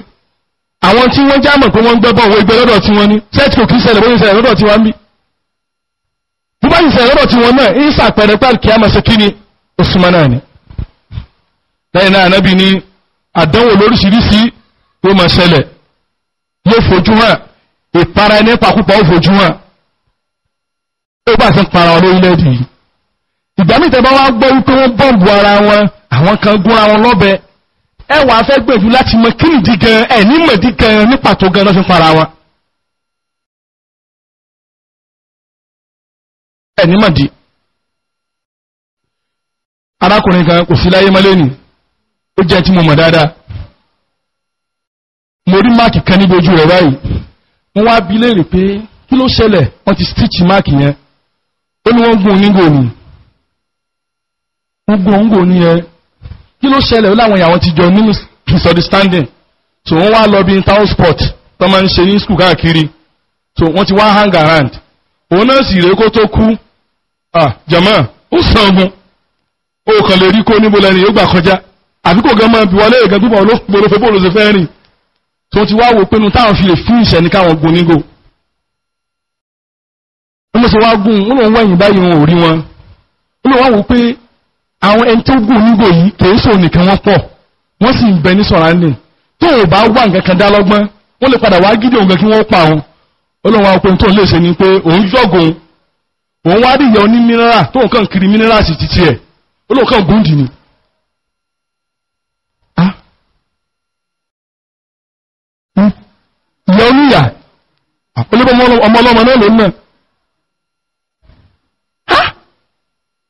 àwọn tí wọ́n jámọ̀ pé wọ́n ń gbẹ́bọ́ owó igbe lọ́dọ̀ tí wọ́n ní sẹ́ẹ̀tì kò kí ṣẹlẹ̀ bóyá ìṣẹ̀lẹ̀ lọ́dọ̀ tí wọ́n ń bí bí bá ìṣẹ̀lẹ̀ lọ́dọ̀ tí wọ́n náà ń sàpẹrẹ pé kí a máa ṣe kí ni osùmọ́ náà ni lẹ́yìn náà anábì ní àdánwò lóríṣiríṣi yóò máa ṣẹlẹ̀ yóò fojú hàn ìpara ẹni pàkúpọ̀ ó fojú hàn bá ṣe ń para wọn lórílẹ̀-èdè yìí ìgbà míì tẹ́ bá wá gbọ́ wípé wọ́n bọ́ǹbù ara wọn àwọn kan gúnra wọn lọ́bẹ ẹ wà á fẹ́ gbèjú láti mọ kí nìdí gan ẹ nímọ̀dí gan ní pàtó gan lọ́sùn para wọn. ẹ nímọ̀dí arákùnrin kan kò sí láyé mọ́lẹ́ nì ó jẹ́ tí mo mọ̀ dáadáa mo rí máàkì kan níbi ojú rẹ̀ báyìí wọ́n wá bi léèrè pé kí ló ṣẹlẹ̀ wọ́n ti stitch máàkì yẹn ó ní wọ́n gún onígò ní wọ́n gún onígò ní ẹ kí ló ṣẹlẹ̀ ó láwọn ìyàwó ti jọ nínú misunderstanding so wọ́n wá lọ bí town sport tó máa ń ṣe ní school káàkiri so wọ́n ti wá hang around òun náà sì rèé kó tó kú jama ó sàn ogun ó kàn lè rí kó níbo lẹ́rìn yóò gbà kọjá àbí kò gan máa bí wọlé ìgbà gbígbà olófẹ́ bóòlù ṣe fẹ́ rìn tó ti wá wò pinnu táwọn fi lè fún ìṣẹ́ ní káwọn gun nígò wọ́n sì wá gùn wọ́n lòun wẹ̀yìn báyìí wọn orí wọn wọ́n lòun wá pé àwọn ẹni tó gùn nígò yìí kìí ṣò nìkan wọ́n pọ̀ wọ́n sì ń bẹ ní sọ̀rọ̀ǹdìn tó ò bá wà nǹkan kan dá lọ́gbọ́n wọ́n lè padà wá pa òun wọ́n pé tó ń lè ṣe ni pé òun jọ̀gùn òun wá kiri mínírà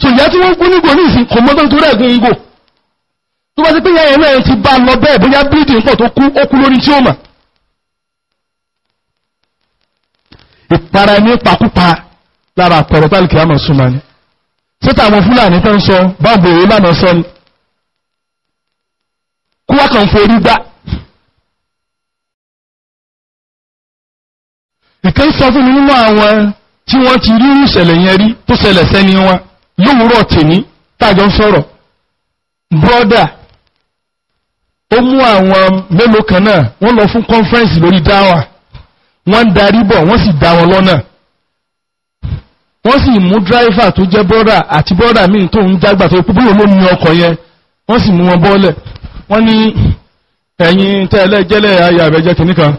so ìyá tí wọ́n gún nígò ní ìsìn kò mọ́tò tó rẹ̀ gún ngò tó bá ti pé yẹn ẹ̀rẹ́ ti bá lọ bẹ́ẹ̀ bóyá bíríìdì nǹkan tó kú ó kú lórí tí ó mà ìpara ẹni pakúpa lára àpẹẹrẹ pálíkì àmọ̀ súnmọ́ ni síta àwọn fúlàní tó ń sọ báàbò èyí lánàá sọ ni kó wá kàn forí gbá ìkan sọ fún mi nínú àwọn tí wọ́n ti rí ìṣẹ̀lẹ̀ yẹn rí tó ṣẹlẹ̀ sẹ́ni wọn lówùúrọ̀ tèmi tàjọ ń sọ̀rọ̀ brọ́dà ó mú àwọn mélòó kan náà wọ́n lọ fún kọ́nfẹ́rẹ́nsì lórí dáwà wọ́n ń darí bọ̀ wọ́n sì dá wọn lọ́nà wọ́n sì mú dráìfà tó jẹ́ brọ́dà àti brọ́dà míì tó ń jágbà tó pé bóyá ló ní ọkọ̀ yẹn wọ́n sì mú wọn bọ́ọ̀lẹ̀ wọ́n ní ẹ̀yin tẹ́lẹ̀ jẹ́lẹ̀ ayé àbẹ̀jẹ́ kìnnìkan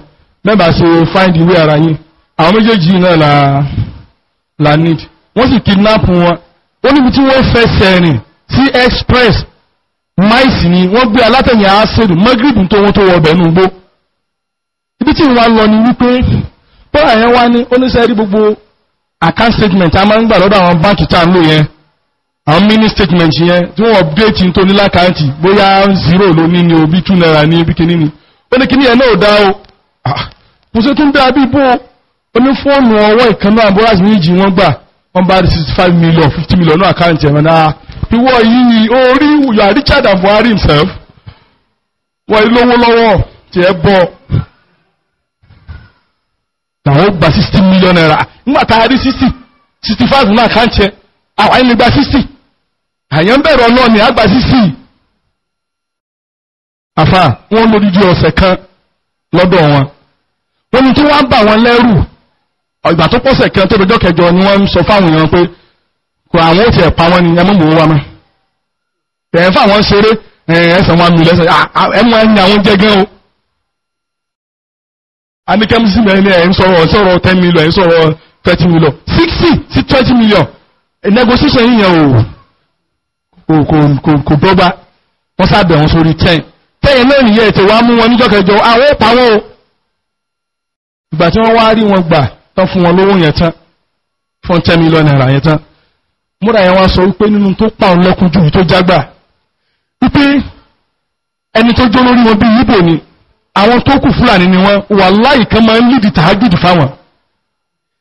mẹ́bàá ṣe find the way ara yín àwọn méjèèjì náà la la need wọ́n sì kidnap wọn ó níbi tí wọ́n fẹsẹ̀ rìn sí express mice ni wọ́n gbé alátẹ̀yìn àásèdù mọ́gìrìbù tó wọ́n tó wọ ọbẹ̀ nùgbó ibi tí wọ́n lọ ni wípé bọ́ọ̀rọ̀ yẹn wá ní oníṣẹ́ gbogbo account statement a máa ń gbà lọ́dọ̀ àwọn báńkì tá à ń lò yẹn àwọn mini statement yẹn tí wọ́n update tó ní lákàntì bóyá zero ló ní ni o bí two naira ní bí kíní ni ó ní kíní yẹn náà ò dá o mo ṣe tún bí abíbó onífóònù ọwọ́ ìkànnà àbúrò àti méjì wọ́n gbà wọ́n bá rí sixty five million fifty million náà àkáǹtì ẹ̀mọ́ náà ìwọ yìí orí ìyá Richard and Buhari himself wọ́n lówó lọ́wọ́ tiẹ̀ bọ̀ làwọn gba sixty million naira nígbà tá a rí sixty sixty five náà àkáǹtì ẹ̀ àwọn ẹni gba sixty àyàn bẹ̀rẹ̀ ọlọ́ọ̀ni àgbà sixty àfa wọn lórí di ọ̀sẹ̀ kan lọ́dọ̀ wọn wọn ni tí wọ́n bá wọn lẹ́rù ìgbà tó pọ̀sẹ̀ kan tó dọjọ́ kẹjọ ni wọ́n ń sọ fáwọn èèyàn pé kò àwọn òfin ẹ̀pà wọn ni ẹmú mò ń wá mọ́ tẹ̀ fáwọn ṣeré ẹ̀ẹ́sẹ̀ wọn mi lẹ́sẹ̀ ẹmú ẹni àwọn jẹ́ gan o. anikẹ́mísì mẹ́rin ẹ̀ ń sọ̀rọ̀ sọ̀rọ̀ ten million ẹ̀ ń sọ̀rọ̀ thirty million sixty sí twenty million negotiation yìnyẹn o kò kò kò dọ́gba wọ́n sábẹ̀ wọn sórí ten tẹ́yìn mẹ́rin yẹn ti wá mú wọn níjọ́ kẹjọ àwọn ò pa wọn o ìgbà tí wọ́n wá rí wọn gbà tán fún wọn lówó yẹn tán fún ten million naira yẹn tán múra yẹn wá sọ wípé nínú tó pa òun lẹ́kùn jù tó jágbà wípé ẹni tó jó lórí wọn bí yíbò ni àwọn tó kù fúlàní ni wọn wàláhì kan máa ń lídì tàájùdù fáwọn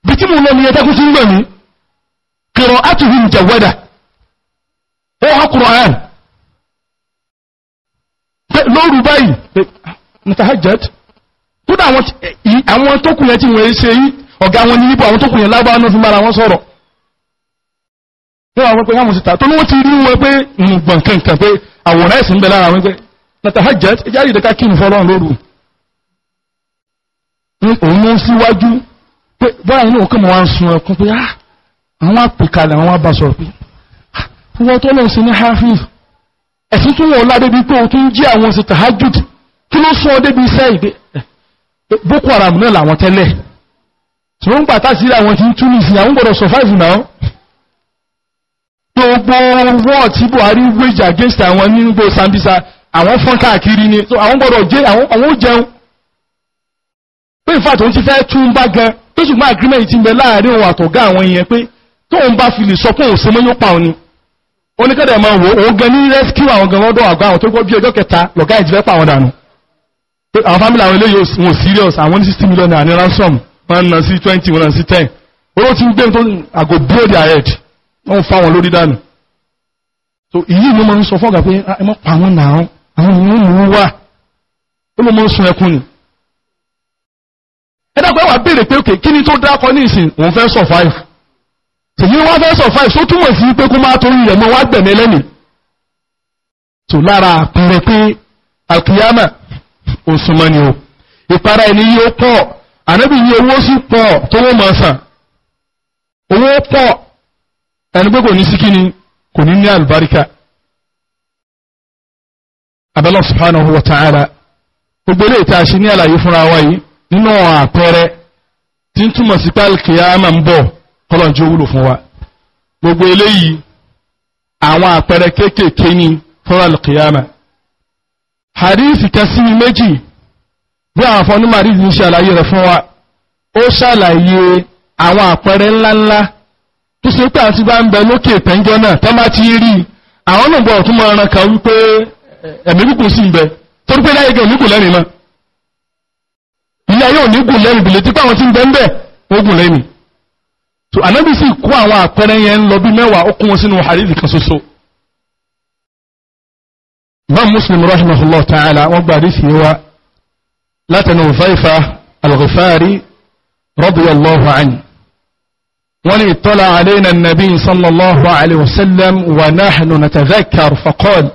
bí tí mo lọ ní ẹtẹ́kùn sí ń ọ̀gá wọn ní níbo àwọn tó kù yẹn lágbára náà fi bára wọn sọ̀rọ̀ níwọ̀n àwọn pé káwọn síta tó ní wọ́n ti rí wọn pé nùgbọ̀n kankan pé àwòrán ẹ̀sìn ń bẹ lára wọn pé nàtàhà jẹ́ ẹjá yìí dẹ́ka kí n fọ́lọ́run lóru òun ló ń síwájú pé bọ́lá yìí ní òkè mọ́ wá ń sun ẹkún pé ah, àwọn àpèkalẹ̀ àwọn abà sọ̀rọ̀ pé ah, wọ́n tó lọ sí ní hafiz ẹ̀sìn tún wọ́n ládé bí pé o tún jí àwọn sí tahajud kí ló sún ọ débi iṣẹ́ ìdè Boko Haram náà làwọn tẹ́lẹ̀ tí ó ń pàtà sí àwọn tí ń tún nìsí àwọn gbọ́dọ̀ survive náà gbogbo wọ́n tí Buhari wage against àwọn nínú Sambisa àwọn fọ́n káàkiri ni so àwọn gbọ́dọ̀ jẹ́ àwọn jẹun pé ìfà tó ń ti fẹ́ tún bá gan pé ṣùgbọ́n agreement ti ń bẹ láàrin òun àtọ̀gá àwọn èèyàn pé tó ń bá fi lè sọ pé òun ṣe mọ́ yóò pa òun ni oníkẹ́dẹ̀ máa wò ó gan ní rescue àwọn gan lọ́dọ̀ àgbà àwọn tó gbọ́ bí ọjọ́ kẹta lọ́gá ìjìnlẹ̀ pa àwọn dànù àwọn family àwọn eléyìí wọn serious àwọn ní sixty million naira ransom wọ́n na sí twenty wọ́n na sí ten owó tí ń gbé tó I blow their head wọ́n fa wọn lórí dànù so èyí ló máa ń sọ fọ́gà pé ah, ẹ mọ́ pa wọ́n náà àwọn ènìyàn mú un wá ó ló máa ń sun ẹkún ni ẹ dàgbà wà béèrè pé òkè kí ni tó dákọ ní ìsìn òun fẹ́ survive tèyí wọ́n fẹ́ survive só túmọ̀ sí pé kó má torí rẹ̀ mọ́ wá gbẹ̀mí lẹ́nìí so lára àpẹẹrẹ pé alkiyama òsùnmọ́ ni o ìpara ẹni yóò pọ̀ ànábì yìí owó sí pọ̀ tó wọ́n máa sàn owó pọ̀ ẹni pé kò ní sí kò ní ní àlùbáríkà abẹ́lọ́ subhanahu wa ta'ala gbogbo ilé ìta ṣe ní àlàyé fúnra wa yìí nínú àpẹẹrẹ tí ń túmọ̀ sí pálí kìyàmà ń bọ̀ kọ́lọ̀njẹ́ wúlò fún wa gbogbo eléyìí àwọn àpẹẹrẹ kéékèèké ní fúnra kìyàmà hadith kan méjì bí àwọn afọ́nímàrí ní ṣàlàyé rẹ̀ fún wa ó ṣàlàyé àwọn àpẹẹrẹ ńláńlá tó ṣe pé àti bá ń bẹ lókè pẹ́ńjọ́ náà tọ́ bá ti rí àwọn náà gbọ́dọ̀ tún máa kan wípé ẹ̀mí gùn sí ń bẹ torí pé láyé gan ní lẹ́rìn náà ilé ayé gùn lẹ́rìn bìlẹ̀ tí ti ń bẹ ń bẹ ó gùn lẹ́rìn so anabi sì kó àwọn àpẹẹrẹ yẹn ń lọ bí mẹ́wàá ó kún wọn sínú hadith muslim ta'ala wọ́n gba hadith yẹn wá لا تنوفيفة الغفاري رضي الله عنه ولاطلع اطلع علينا النبي صلى الله عليه وسلم ونحن نتذكر فقال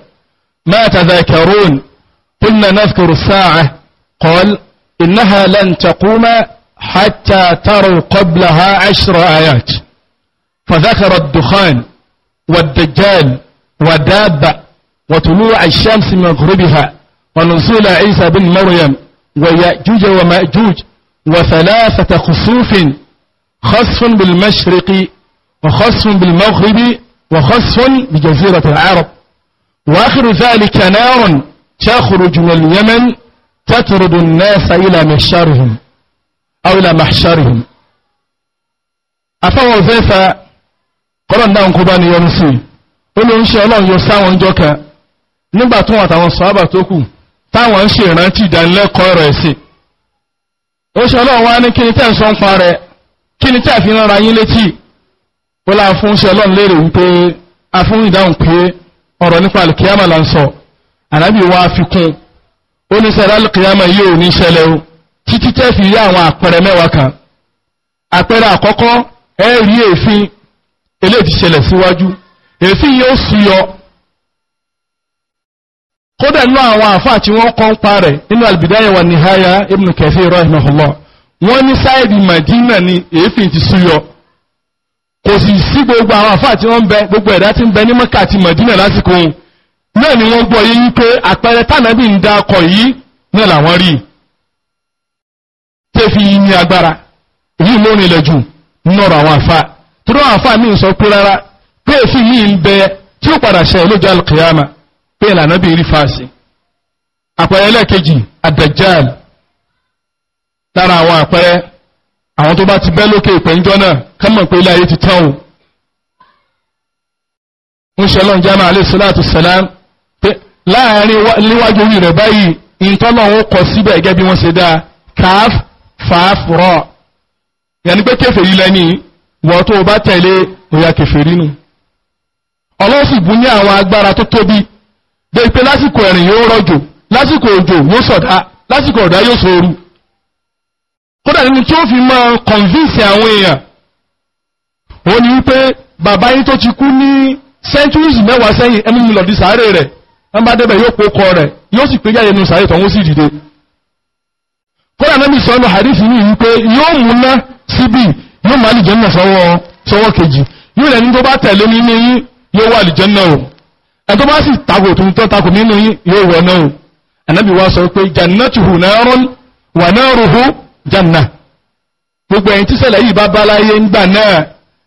ما تذاكرون قلنا نذكر الساعة قال إنها لن تقوم حتى تروا قبلها عشر آيات فذكر الدخان والدجال ودابة وطلوع الشمس من مغربها ونزول عيسى بن مريم ويأجوج ومأجوج وثلاثة خصوف خصف بالمشرق وخصف بالمغرب وخصف بجزيرة العرب وآخر ذلك نار تخرج من اليمن تطرد الناس إلى محشرهم أو إلى محشرهم afáwọn òfẹ́fà قرن dáhùn kó bá قلوا إن شاء الله يوسعون جوكا نبعتون sáwọn jọ́ka táwọn ń ṣèrántí ìdánilẹ́kọ̀ọ́ ọ̀rọ̀ ẹ̀sìn ó ṣe ọlọ́run wá ní kíni tẹ́ ń sọ ń pa rẹ̀ kíni tẹ́ fi rán ara yín létí ó láà fún ṣe ọlọ́run léèrè wípé a fún ìdáhùn pé ọ̀rọ̀ nípa alìkíyàmà là ń sọ ànábì wa fi kún ó ní sẹ́rẹ́ alìkíyàmà yìí ò ní ṣẹlẹ̀ o títí tẹ́ fi rí àwọn àpẹẹrẹ mẹ́wàá kan àpẹẹrẹ àkọ́kọ́ ẹ rí èéfín eléyìí ti ṣẹlẹ̀ síwájú èéfín yóò kódà nínú àwọn àfáà tí wọ́n kọ́ ń pa rẹ̀ nínú albidaya wa ibùn ibn kathir rahimahullah wọ́n ní sáìdì ni èéfín ti súyọ kò sì sí gbogbo àwọn àfáà tí wọ́n bẹ gbogbo ẹ̀dá tí ń bẹ ní mẹ́kà àti lásìkò òun náà ni wọ́n gbọ́ yé àpẹẹrẹ ń da ọkọ̀ yìí náà làwọn rí tẹ́fì yìí ní agbára èyí ló àwọn àfáà tí wọ́n àfáà sọ pé rárá pé èéfín ń bẹ tí pé ìlànà bí rí fàásì àpẹẹrẹ ẹlẹ́ẹ̀kejì àdẹ̀jáàlì lára àwọn àpẹẹrẹ àwọn tó bá ti bẹ́ lókè ìpẹ́njọ́ náà kánmọ̀ pé ilé ayé ti tán o ń ṣe lọ́n jámà alayhi salatu salam pé láàárín níwájú orí rẹ̀ báyìí ìtọ́nà wọn kọ síbẹ̀ gẹ́gẹ́ bí wọ́n ṣe dáa káf fàáf rọ̀ yẹn ni pé kèfèrí lẹ́ni wọ́n tó bá tẹ̀lé òyà kèfèrí nù ọlọ́sìn bú ní àwọn agbára tó tóbi de ipe lásìkò ẹ̀rìn yóò rọ̀jò lásìkò òjò yóò sọ̀dá lásìkò ọ̀dá yóò sooru kódà nínú tí ó fi máa convince àwọn èèyàn òun ni wípé bàbá yín tó ti kú ní centuries mẹ́wàá sẹ́yìn ẹni mi lọ̀dí sáré rẹ̀ wọ́n bá débẹ̀ yóò pó kọ rẹ̀ yóò sì pé sì dìde sọ ọ́nà ní wípé yóò múná yóò náà sọ́wọ́ kejì yóò rẹ̀ ní tó bá tẹ̀lé nínú yín yóò náà o ẹni tó bá sì tako tó ń tọ́ tako nínú yóò wọ̀ náà o ànábì wa sọ pé jannatuhu narun wa naruhu janna gbogbo ẹ̀yin tí ṣẹlẹ̀ yìí bá bá láyé ńgbà náà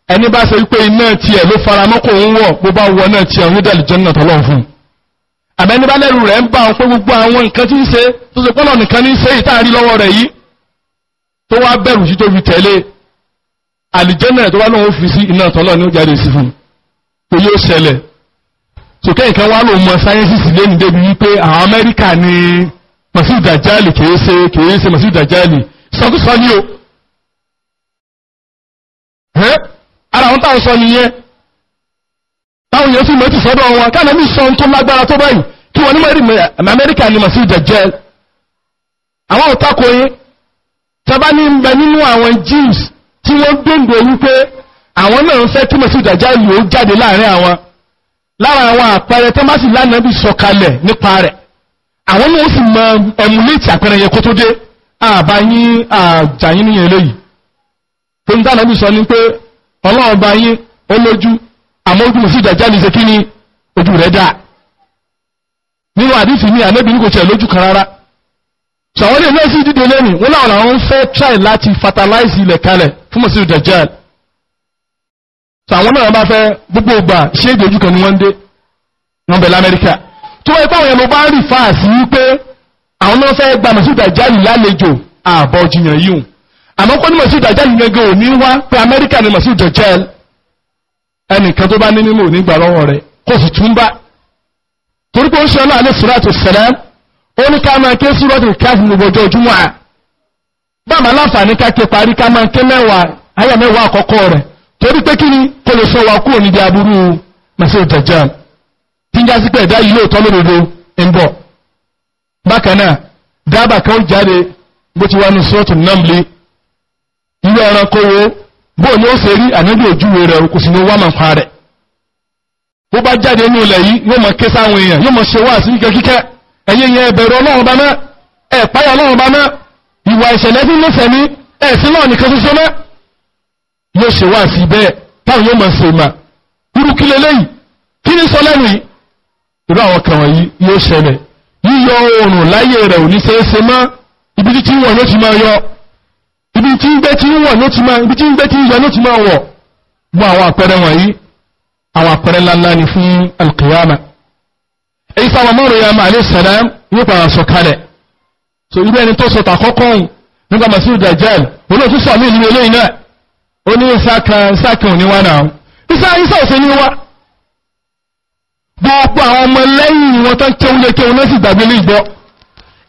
ẹni bá ṣe pé iná tiẹ̀ ló faramọ́ kò ń wọ̀ bó bá wọ náà tiẹ̀ òun dẹ̀lì jẹ́nà tọ́lọ̀ fún un àbẹ́ni bá lẹ́rù rẹ̀ ń bá wọn pé gbogbo àwọn nǹkan tí ń ṣe tó ṣe pọ́nà nìkan ní ṣe ìtaàrí lọ́wọ́ rẹ̀ yìí tó wá bẹ̀rù sí tó fi tẹ̀lé àlìjẹ́nà tó wá lóun fi sí iná tọ́lọ̀ ní ó jáde sí fún un yóò ṣẹlẹ̀ tòkẹ́ nǹkan wá ló mọ sáyẹ́nsìsì lẹ́nu débi wípé àwọn amẹ́ríkà ní masiru dajali kìí ṣe kìí ṣe masiru dajali sọkúsọ ni o ara wọn táwọn sọ nìyẹn táwọn yẹn sì lọ ti sọ́dọ̀ wọn káàná ní sọ tó lágbára tó báyìí kí wọn ní mẹ́rin amẹ́ríkà ní masiru dajali àwọn òtakò yín tẹ́bá ní bẹ nínú àwọn jews tí wọ́n gbòǹdò wípé àwọn náà ń fẹ́ kí masiru dajali ó jáde láàrin àwọn lára àwọn àpẹẹrẹ tó má sì lánàbì sọ̀kalẹ̀ nípa rẹ̀ àwọn náà sì mọ ẹmúléètì àpẹẹrẹ yẹn kó tó dé àbá yín àjà yín nìyẹn lóyìí tó ń dánàbì sọ ni pé ọlọ́run bá yín ó lójú àmọ́ ojú mi sì dàjà ní ṣe kí ni ojú rẹ̀ dà nínú àdìsí ni àlébí ní kò tiẹ̀ lójú kan rárá sọ̀wọ́n lè náà sì dìde lẹ́nu wọn làwọn àwọn fẹ́ try láti fertilize ilẹ̀ kalẹ̀ fún mọ̀sílù dàjà sàwọn náà bá fẹ́ gbogbo ìgbà ṣé ìgbèjú kan ni wọ́n ń dé wọ́n bẹ̀ lamẹ́ríkà tó wáyé pàwọn ẹ̀mọ́ bá rí fáàsì wípé àwọn náà fẹ́ gba mọ̀sí ìdájáàlì lálejò ààbọ̀ jiyàn yíhùn àmọ́ kọ́ ní mọ̀sí ìdájáàlì yẹn òní wá pé amẹ́ríkà ni mọ̀sí ìdọ̀jẹ́l ẹnìkan tó bá ní nínú òní gbà lọ́wọ́ rẹ̀ kó sì tún bá torí pé ó ń ṣe ọlọ́ọ̀lẹ́ sùràtù sẹ̀lẹ́m ó ní ká máa ké sùràtù káfí gbogbo ọjọ́ ojúmọ́ à bá àmà ká torí pé kí ni kó lè sọ wa kúrò níbi aburú tí n já sí pé ẹ̀dá yìí lóòótọ́ lódodo ń bọ̀ bákan náà dábà kan ó jáde bó ti wá ní sọ́ọ̀tù ilé ẹranko wo bó ni ó ṣe rí ànábì òjúwe rẹ̀ kò sì ní wá màá rẹ bó bá jáde nínú ilẹ̀ yìí yóò mọ ké sáwọn èèyàn yóò mọ ṣe wá sí kíkẹ́ kíkẹ́ ẹ̀yin yẹn ẹ̀bẹ̀rù Ọlọ́run bá mọ́ ẹ̀ páyà Ọlọ́run bá ìwà ìṣẹ̀lẹ̀ tí ń lọ́sẹ̀ náà nìkan táwọn yóò máa ṣe máa irú kí leléyìí kí ní sọ lẹ́nu yìí irú àwọn kan wọ̀nyí yóò ṣẹlẹ̀ yíyọ oòrùn láyé rẹ̀ ò ní ṣe é ṣe mọ́ ibi tí ń wọ̀ ló ti máa yọ ibi tí ń gbé tí ń wọ̀ ló ti máa ibi tí ń gbé tí ń yọ ló ti máa wọ̀ gbọ́ àwọn àpẹẹrẹ wọ̀nyí àwọn àpẹẹrẹ ńláńlá ni fún alkiyama èyí sáwọn márùn ya máa lè sẹ̀dá yóò padà sọ kalẹ̀ so irú ẹni tó sọ tàkọ́kọ́ nígbà masiru dajjal olóòtú sọ ìlú eléyìí náà ó ní ìsákan ìsákan òní wá náà ìsá ìsá òsè ní wá gbogbo àwọn ọmọ lẹ́yìn wọn tó ń kéwú lé kéwú lọ́sì gbàgbé lè gbọ́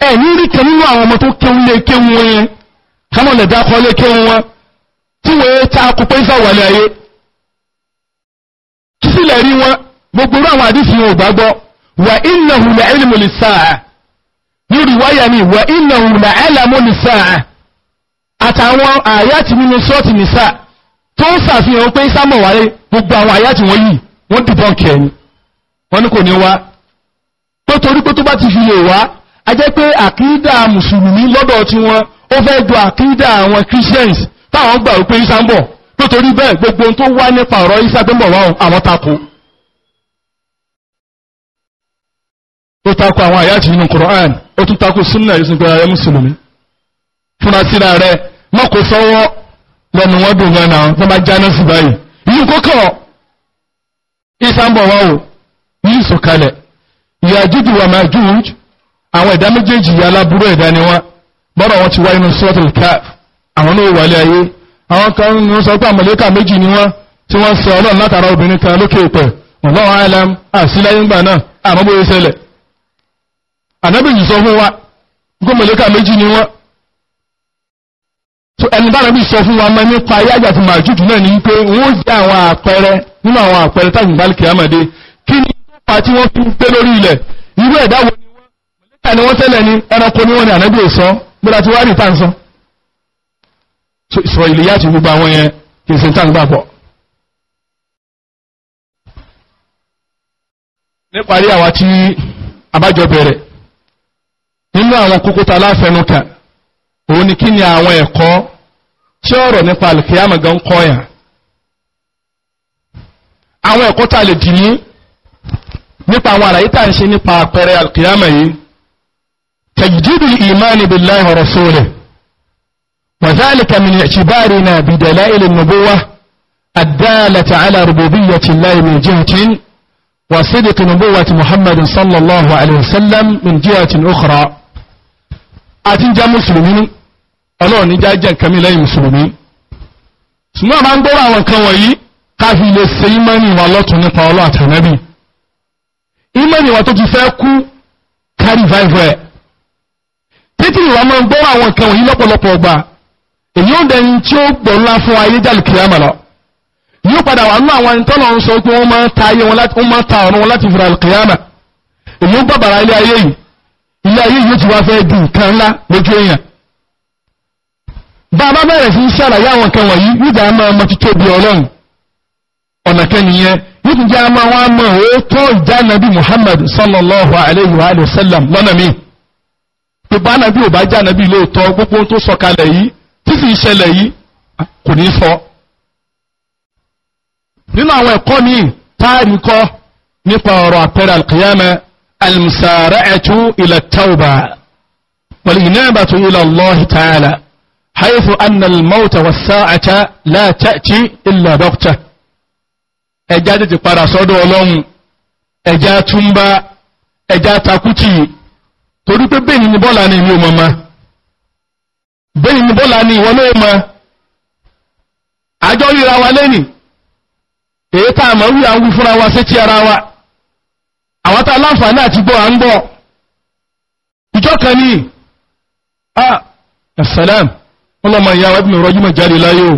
ẹ̀ ní rí kan nínú àwọn ọmọ tó kéwú lé kéwú wọn yẹn kámọ̀ lè dákọ́ lé kéwú wọn tí wọ́n yẹ ta kó pé ìsá ayé kí sì lè rí wọn gbogbo àwọn àdìsí wọn ò gbàgbọ́ wà innahu la'ilmu lis-sa'a ní rìwáyà ni wà innahu la'alamu lis-sa'a àtàwọn àyàtì nínú sọ́ọ̀tì nìsáà tó ń sàfihàn pé sámọ̀ wáyé gbogbo àwọn àyá tí wọ́n yìí wọ́n dìbọn kẹni wọ́n ní kò ní wá tó torí pé tó bá ti fi lè wá a jẹ́ pé àkídà mùsùlùmí lọ́dọ̀ tí wọ́n ó fẹ́ do àkídà àwọn Christians táwọn gbà wípé isa ń bọ̀ tó torí bẹ́ẹ̀ gbogbo tó wá nípa ọ̀rọ̀ isa tó àwọn tako Quran ó sunna ìsìnkú ara mùsùlùmí fúnra síra rẹ mọ́kò sọ́wọ́ lẹ́nu wọ́n dùn gan náà tó bá jáná sí báyìí ìlú kókọ̀ ìsàmbọ̀ wá o yìí sọ̀kalẹ̀ Yájújù wà Májújù àwọn ẹ̀dá méjèèjì yà aláburú ẹ̀dá ni wọ́n bọ́rọ̀ wọn ti wáyé àwọn náà wà lé ayé àwọn kan ń sọ pé àmọ̀lẹ́kà méjì ni tí sọ ọlọ́run látara obìnrin kan lókè ọlọ́run ńgbà náà sọ fún wa méjì ni ẹni bára bí sọ fún wa mọ́ nípa yájà ti màjújù náà ní pé wọ́n jẹ́ àwọn àpẹẹrẹ nínú àwọn àpẹẹrẹ tàbí ìbálìkì àmàdé kí ni ipa tí wọ́n fi ń gbé lórí ilẹ̀ irú ẹ̀dá wo ni wọ́n mọ̀lẹ́kà ni wọ́n tẹ́lẹ̀ ni ẹranko ni wọ́n ànábì sọ gbọ́dá ti wá ní tàǹsán so ìsọ̀rọ̀ ilé yá ti gbogbo àwọn yẹn kì í tí ọ̀rọ̀ nípa àlùkìyàmọ̀ gan kọ́yàn àwọn ẹ̀kọ́ tá a lè dì mú nípa àwọn àlàyé tá à ń ṣe nípa àpẹẹrẹ àlùkìyàmọ̀ yìí tẹ̀jìdìdì ìmáàni billahi wa rasulihi wa dhalika min i'tibarina bi dalail an-nubuwah ad-dalata ala rububiyyati llahi min jihatin wa sidqi nubuwwati muhammadin sallallahu alayhi wa sallam min jihatin ukhra àti ń já mùsùlùmí ọlọ́run níjà jẹ́ nǹkan mi lẹ́yìn mùsùlùmí ṣùgbọ́n àmà ń gbọ́rọ̀ àwọn nǹkan wọ̀nyí káfí lè ṣe ìmọ̀nì wa lọ́tún nípa ọlọ́ àtẹ̀nẹ́bì ìmọ̀nì wa tó ti fẹ́ kú kárí vaivu ẹ̀ títí ìwà máa ń gbọ́rọ̀ àwọn nǹkan wọ̀nyí lọ́pọ̀lọpọ̀ ọgbà èyí ó dẹni tí ó gbọ̀ ńlá fún ayé jàlù kìlámà yóò padà wà nínú àwọn ìtọ́nà ń sọ pé wọ́n máa ń ta ilé ayé yìí ilé ti wá fẹ́ di nǹkan ńlá lójú èèyàn bàbá bẹ̀rẹ̀ sí ṣàlàyé àwọn kan wọ̀nyí nígbà máa mọ tító bí ọlọ́run ọ̀nà kẹniyẹn nítorí jẹ́ àmà wọn mọ̀ ó tó ìjánabi Muhammad sallallahu alayhi wa sallam lọ́nà mi gbogbo anabi ò bá jánabi lóòótọ́ gbogbo tó sọ̀kalẹ̀ yìí tí sì ṣẹlẹ̀ yìí kò ní sọ. nínú haythu anna al-mawta was-sa'ata la ta'ti illa baghta ẹjá tètè padà sọ́dọ̀ ọlọ́run ẹjá túnbá ẹjá takútì torí pé bẹ́ẹ̀ ni bọ́lá ni ìwọ mọ́ ma bẹ́ẹ̀ ni bọ́lá ni ìwọ ló mọ́ àjọ ríra wa lẹ́nìí èyí tá a mọ̀ wí àwọn fúnra wa sétí ara wa àwọn tá a láǹfààní àti gbọ́ à ń gbọ́ ìjọ kan ní ah assalam ọlọmọ ya ìyá wa ìbìnrin rọ́jú mọ̀ jáde láyé o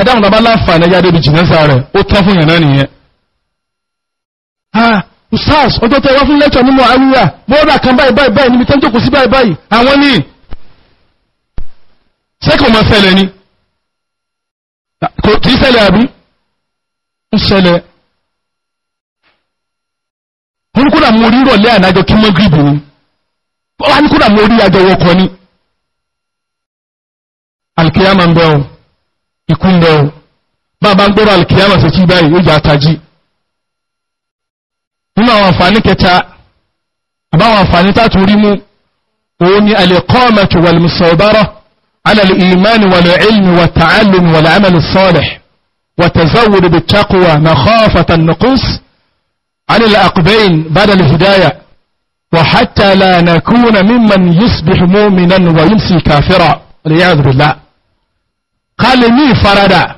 ẹ̀dáhùn bàbá láǹfààní ẹ̀yà débi jìnnẹ́sà rẹ̀ ó tán fún yàn náà nìyẹn. ah usas ọjọ́ tẹ wá fún lẹ́tọ̀ ní Muhammadiyya bọ́ọ̀dà kan báyìí báyìí báyìí níbi tó ń jókòó sí báyìí báyìí àwọn ní. sẹ́kọ̀ máa ṣẹlẹ̀ ni kò kì í àbí ń wọ́n ní àná ni. alkiyama ń bẹ o ikú ń bẹ o bàbá ń gbọ́rọ̀ alikiyama ṣe tí báyìí yóò jẹ́ àtàjì nínú àwọn àǹfààní kẹta àbáwọn àǹfààní tá a tún rí mú òun ni al-iqamatu wal-musabara ala al-imani wal-ilmi wat-ta'allumi wal-amali s-salih والتزود بالتقوى مخافة النقص عن العقبين بعد الهداية وحتى لا نكون ممن يصبح مؤمنا ويمسي كافرا والعياذ بالله ká lè ní ìfaradà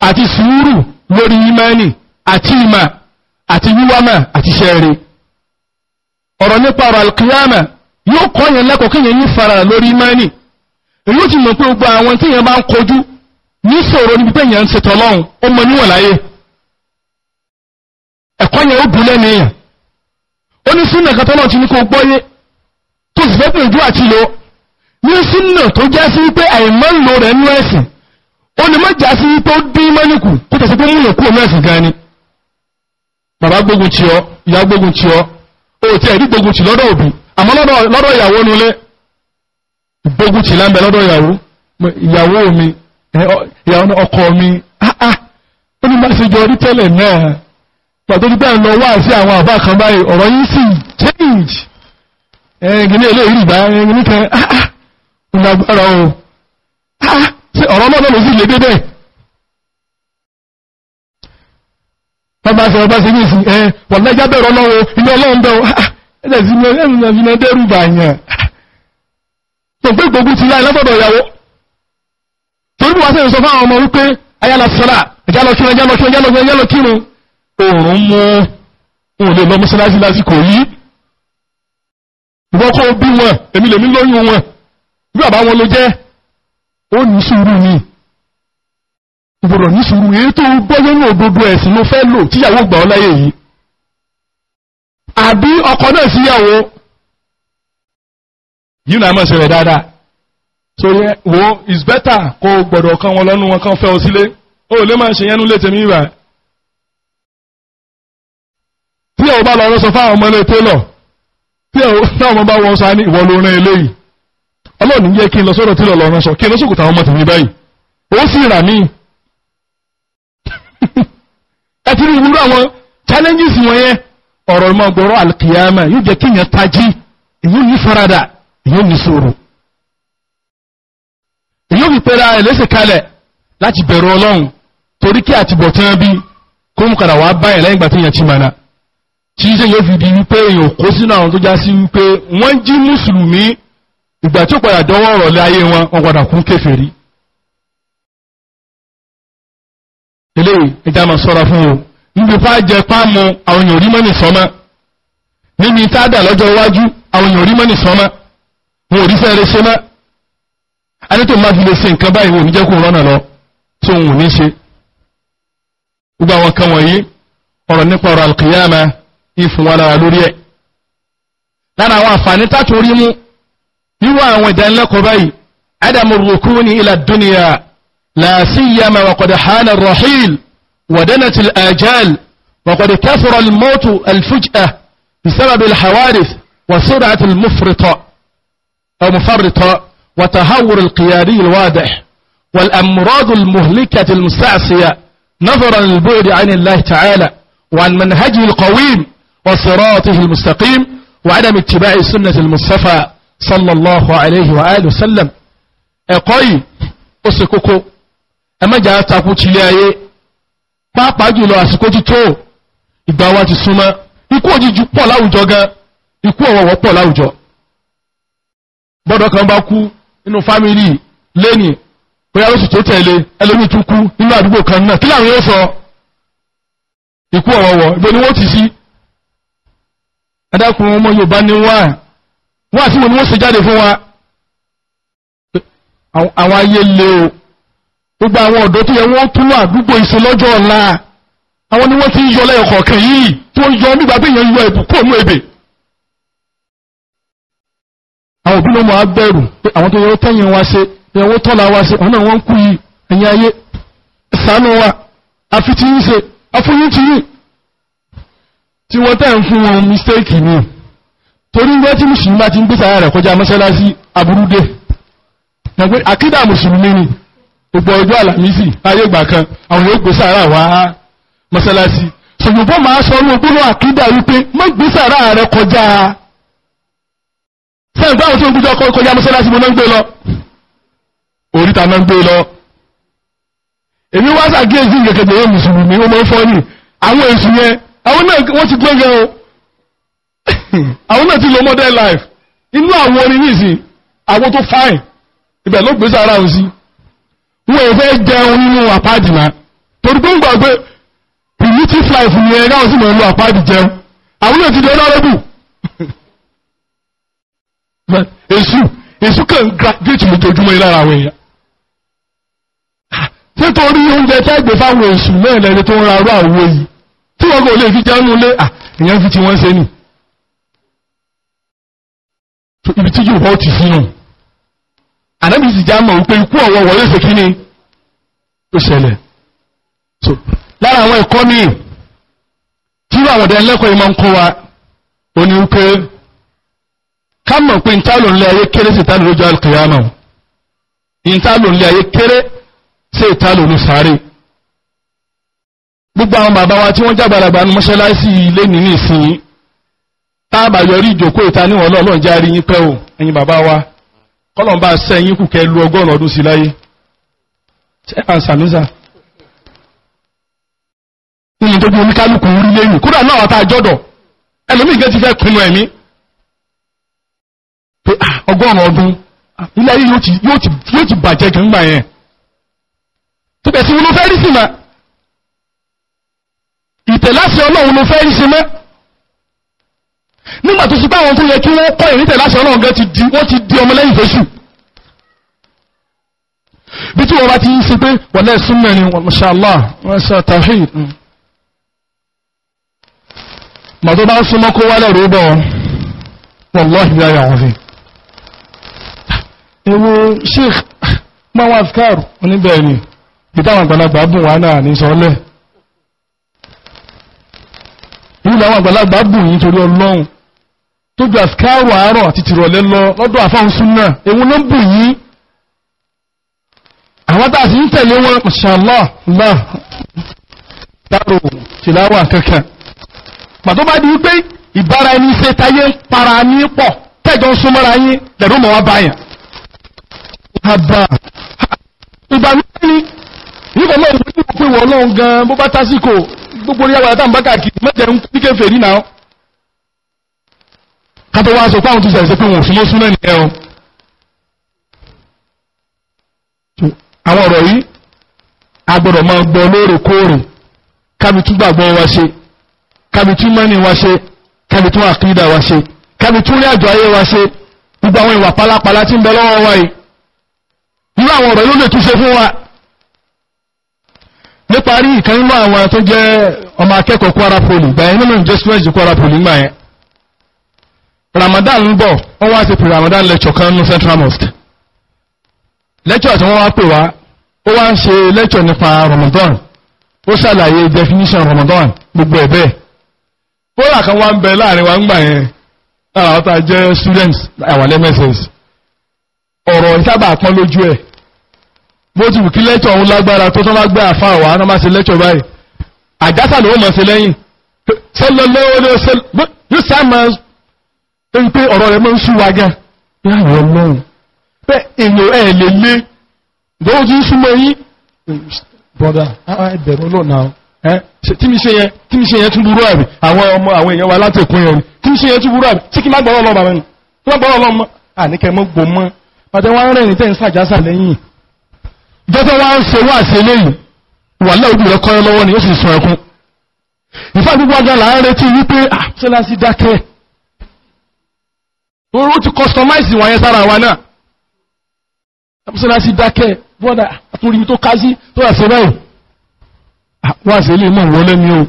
àti sùúrù lórí imani àti ìmà àti wíwámà àti ṣẹ́ẹ̀rẹ́ ọ̀rọ̀ nípa ọ̀rọ̀ alkiyama yóò kọ́ yẹn lẹ́kọ̀ọ́ kí yẹn ní ìfaradà lórí imani èyí ó ti mọ̀ pé gbogbo àwọn tí yẹn bá ń kojú ní sọ̀rọ̀ níbi pé yẹn ń ṣètò ọlọ́run ó mọ níwọ̀n láyé ẹ̀kọ́ yẹn ó ó ní tọ́lọ́ ti ní kó gbọ́yé ó lè mọ́jà sí tó dín mọ́lìkù kó tẹ̀sí pé múlò kúrò mẹ́sì gan ni bàbá gbógun ti ọ ìyá gbógun ti ọ ó ti ẹ̀rí gbógun ti lọ́dọ̀ òbí àmọ́ lọ́dọ̀ ìyàwó nulẹ̀ gbógun ti lámbẹ lọ́dọ̀ ìyàwó ìyàwó mi ìyàwó ọkọ mi áá ah, ah. ó ní máa ṣe jọ orí tẹ́lẹ̀ náà pàtó ní bẹ́ẹ̀ lọ wá sí àwọn àbá kan báyìí ọ̀rọ̀ yìí sì change ẹ̀ẹ́gì ah, ní ilé ìrìbá ẹ̀ẹ́gì ní kan áá ó lágbára ọ̀rọ̀ náà lọ sí lè dé bẹ́ẹ̀ bàbá ṣe ọba ṣe ní ìsìn ẹ wọ̀n lẹ́jà bẹ̀rọ lọ́wọ́ ilé ọlọ́run bẹ̀rọ ẹ̀lẹ̀ sí ní ẹ̀rùn náà fi náà dẹ́rù bàyàn tó pé gbogbo ti láì lọ́bọ̀dọ̀ ìyàwó torí wọ́n sẹ́yìn sọ fún àwọn ọmọ wípé ayálà sọ́lá ẹjá lọ kírun ẹjá lọ kírun ẹjá ó ní sùúrù ní ìgbòrò ní sùúrù èyí tó gbọ́yọ́ ní òdodo ẹ̀sìn ló fẹ́ lò tíyàwó gbà ọ́ láyé yìí àbí ọkọ náà síyàwó yìí náà mọ̀ sí rẹ̀ dáadáa so yẹ wo is better kó o gbọ́dọ̀ kan wọn lọ́nu wọn kan fẹ́ ọ sílé ó lè máa ṣe yẹnu létè mi rà tíyàwó bá lọ rọ sọ fáwọn ọmọ ilé télọ̀ tíyàwó náà wọn bá wọn sọ á ní ìwọ ló rán eléyìí ọlọ́run yẹ kí n lọ sọ́dọ̀ tí lọ́lọ́ ránṣọ kí n lọ sókòtà àwọn ọmọ tèmi báyìí ó sì rà mí ẹ rí ìwúrú àwọn challenges wọ̀nyẹn ọ̀rọ̀ ìmọ̀ gbọ́rọ̀ alkiyama yóò jẹ́ kí yẹn tají èyí ní farada èyí ní sòrò èyí fi pẹ́ra ẹlẹ́sẹ̀ kalẹ̀ láti bẹ̀rù ọlọ́run torí kí àtibọ̀tán bí kó mú kadà wá báyìí lẹ́yìn ìgbà yẹn ti mọ̀nà tí ṣe yóò fi di wípé èèyàn kó sínú àwọn tó já sí wípé wọ́n jí mùsùlùmí ìgbà tí ó padà dánwọ́ ọ̀rọ̀lẹ́ ayé wọn wọ́n padà kún kèfèrí eléyìí ẹja máa fún o níbi tá a jẹ páàmù àwọn èèyàn orí mọ́nì sọ́mọ́ níbi tá a dà lọ́jọ́ iwájú àwọn èèyàn orí mọ́nì sọ́mọ́ wọn ò rí sẹ́ẹ̀rẹ́ ṣe mọ́ ẹni tó máa fi lè ṣe nǹkan báyìí wọn ò ní jẹ́ kó rọ́nà lọ tí òun ò ní ṣe gbogbo àwọn kan wọ̀nyí ọ̀rọ̀ nípa ọ̀rọ̀ ìfún wa a wíwá àwọn لقبي عدم الركون إلى الدنيا لا سيما وقد حان الرحيل ودنت الآجال وقد كثر الموت الفجأة بسبب الحوادث وسرعة المفرطة أو مفرطة وتهور القيادي الواضح والأمراض المهلكة المستعصية نظرا للبعد عن الله تعالى وعن منهجه القويم وصراطه المستقيم وعدم اتباع سنة المصطفى sallallahu alayhi wa alayhi wa sallam ẹ̀kọ́ yìí ó ṣe kókó ẹmẹ́jà takú ti ilé ayé pàápàá jùlọ àsìkò ti tó ìgbà wa ti súnmọ́ ikú òjijì pọ̀ láwùjọ gan ikú ọ̀wọ̀wọ̀ pọ̀ láwùjọ bọ́dọ̀ kan bá kú nínú fámìlì lẹ́nìí bóyá lóṣù tó tẹ̀lé ẹlòmíì tún kú nínú àdúgbò kan náà kí làwọn yóò sọ ikú ọ̀wọ̀wọ̀ ìbò wọ́n ti sí ẹ̀dẹ́kùn ọmọ Yorùbá ní wáà wọ́n àti wọn ni wọ́n ṣe jáde fún wa àwọn ayé lé o gbogbo àwọn ọ̀dọ́ tó yẹ wọ́n tún lọ àdúgbò ìṣe lọ́jọ́ ọ̀la àwọn ni wọ́n ti ń yọ lẹ́yọ̀ kọ̀ọ̀kan yìí tí wọ́n yọ nígbà bí èèyàn yọ ìbùkún òmù èbè àwọn òbí ló mọ̀ pé àwọn tó yẹ tẹ́yìn wa ṣe yẹ wọ́n tọ́la wa ṣe ọ̀nà wọn kú yìí ẹ̀yìn ayé ṣàánú wa àfi ti ń ṣe àfúyín ti yìí tí wọ́n tẹ̀ ń fún wọn mistake ni torí wọ́n tí mùsùlùmí bá ti ń gbéṣà rẹ̀ kọjá mọ́ṣáláṣí aburúdé ẹgbẹ́ akídà mùsùlùmí ni gbogbo ọjọ́ àlàmísì ayé ìgbà kan àwọn yóò gbéṣà rà wá mọ́ṣáláṣí ṣùgbọ́n máa sọ ní ogúnnú àkídà wípé mọ́ gbéṣà rà rẹ̀ kọjá sẹ́yìn báwọn tó ń gbéjọ kọjá mọ́ṣáláṣí mo náà gbé lọ oríta náà gbé lọ èmi wá sàgéèzì kẹkẹ bẹ̀rẹ̀ mùsùlùmí ó mọ́ fọ́ ni àwọn èsù yẹn àwọn náà wọ́n ti gbẹ́gẹ́ o àwọn náà ti lo modern life inú àwọn orin nìsín àwọn tó fáìn ibẹ̀ ló gbé sára òun sí wọn ò fẹ́ jẹun nínú àpáàdì náà torí pé ń gbà pé primitive life ni ẹ̀rọ àwọn sì mọ̀ ń lo àpáàdì jẹun àwọn náà ti di ọlọ́rọ́bù èṣù èṣù kàn graduate lójoojúmọ́ lára àwọn èèyàn nítorí oúnjẹ tẹ́ gbé fáwọn èṣù náà lẹ́ni tó ń ra arú àwọ̀ yìí tí wọ́n kò lè fi jẹun lé à ìyẹn fi ti wọ́n ṣe nì so ibi tí yóò wọ́n ti sí nù ànábì sì já mọ̀ wípé ikú ọ̀wọ́ wọlé ṣe kíni ó ṣẹlẹ̀ so lára àwọn ẹ̀kọ́ míì tí wọ́n àwọn ọ̀dẹ́lẹ́kọ̀ọ́ yìí máa ń kọ́ wa ó ní wípé ká mọ̀ pé ntálò ńlẹ̀ ayé kéré sí ìtálò lójú àlùkìyàmọ̀ ntálò ńlẹ̀ ayé kéré sí ìtálò ní sáré gbogbo àwọn bàbá wa tí wọ́n jágbàlagbà mọ́ṣáláṣí ilé nínú ìsinyìí táàbà yọrí ìjòkó ìta níwọ̀n náà lọ́n járí yín pẹ́ o bàbá wa kọ́lọ̀n bá sẹ́ yín kù kẹ́ lu ọgọ́rùn ọdún sí láyé à ń nínú tó gbé oníkálukú rí tá a jọ́dọ̀ ẹlòmíì gẹ́ fẹ́ ẹ̀mí pé ọgọ́rùn ọdún ilé ayé yóò ti bàjẹ́ kì ń gbà yẹn tó bẹ̀ nígbà tó sì pé àwọn tó yẹ kí wọ́n kọ́ ìrìntẹ̀ láṣẹ ọlọ́run gan ti di wọ́n ti di ọmọ lẹ́yìn fẹ́ṣù bí tí wọ́n bá ti ń ṣe pé wọ́n lẹ́ súnmọ́ ni wọ́n mashallah wọ́n sọ tawhid màtó hmm. bá ń súnmọ́ kó wálẹ̀ rí bọ̀ wọ́n lọ́ ìgbé ayé àwọn fi ewu sheikh mawa afkar oníbẹ̀ẹ́ni ìtàwọn àgbàlagbà bùn wà náà ní sọ́ọ́lẹ̀ ìlú àwọn àgbàlagbà bùn nítorí ọlọ́run tó ju àfikáàrù àárọ̀ àti tìrọ̀lẹ́ lọ lọ́dọ̀ àfáhùn súnà ewu ló ń bù yí àwọn tàà sí ń tẹ̀lé wọn ṣàlọ́ náà dárò tìláwà kankan pàtó bá di wípé ìbára ẹni ṣe táyé para ní pọ̀ tẹ́jọ ń súnmọ́ra yín lẹ́rú mọ́ wá báyàn àbà ìbànújẹ́ ni nígbà náà wọ́n ti wọ́n pé wọ́n lóun gan bó bá tásìkò gbogbo orí àwọn àtàǹbá káàkiri mẹ́jẹ̀ ń kíkẹ́ fèrí náà kátó wá sọ pé àwọn tó ṣe àṣẹ pé wọn ò súnmọ́ súnmọ́ nìyẹn o àwọn ọ̀rọ̀ yìí a gbọ́dọ̀ máa gbọ́ lóòrèkóòrè kábi tún gbàgbọ́ wa ṣe kábi tún mọ́ni wa ṣe kábi tún àkídà wa ṣe kábi tún rí àjọ ayé wa ṣe gbogbo àwọn ìwà pálapàla tí ń bẹ lọ́wọ́ wa yìí irú àwọn ọ̀rọ̀ yóò lè túnṣe fún wa níparí ìkan nínú àwọn tó ọmọ akẹ́kọ̀ọ́ Kwara Poli gbà yẹn nínú investment Kwara Poli gbà Ramadan ń bọ̀ wọ́n wá sí pre-Ramadan lecture kan ní Central Mosque lecture tí wọ́n wá pè wá ó wá ń ṣe lecture nípa Ramadan ó ṣàlàyé definition Ramadan gbogbo ẹ̀ bẹ́ẹ̀ bóyá kan wá ń bẹ láàrin wa ń gbà yẹn lára wọn tá jẹ́ students àwọn MSS ọ̀rọ̀ ìsábà pọ́n lójú ẹ̀ bó ti wù kí lecture òun lágbára tó tán bá gbé àfa àwa náà má ṣe lecture báyìí àjásà ló mọ̀ sí lẹ́yìn sọlọ́lọ́wọ́ ló yóò sá máa tó yí pé ọ̀rọ̀ rẹ̀ máa ń súwa gan láàrin ọlọ́run pé èèyàn ẹ̀ lè lé ìgbóhùn tí ń súnmọ́ yín brother ẹbẹ̀rún lọ́nà tí mi ṣe yẹn tí mi ṣe yẹn tún burú àbí àwọn ọmọ àwọn èèyàn wa láti èkó yẹn tí mi ṣe yẹn tún burú àbí tí kí má gbọ́rọ̀ lọ́ba mẹ́nu tí wọ́n gbọ́rọ̀ lọ́mọ àníkẹ́ mọ́ gbò mọ́ pàtẹ́ wọ́n rẹ̀ ní tẹ́ ń sàjásà lẹ́yìn jọ́tọ́ wá ń ṣe wá ṣe lẹ́yìn wà lẹ́ọ̀dù rẹ̀ kọ́ lọ́wọ́ ni ó sì sọ ẹkún ìfàdúgbọ́jà là oró ti customize wọ̀nyẹn sára wa náà mọ́sálásí dákẹ́ bọ́dà àtúrí ibi tó ká sí tó wà sí báyìí ah, wọ́n àṣẹ ilé náà wọlé ní o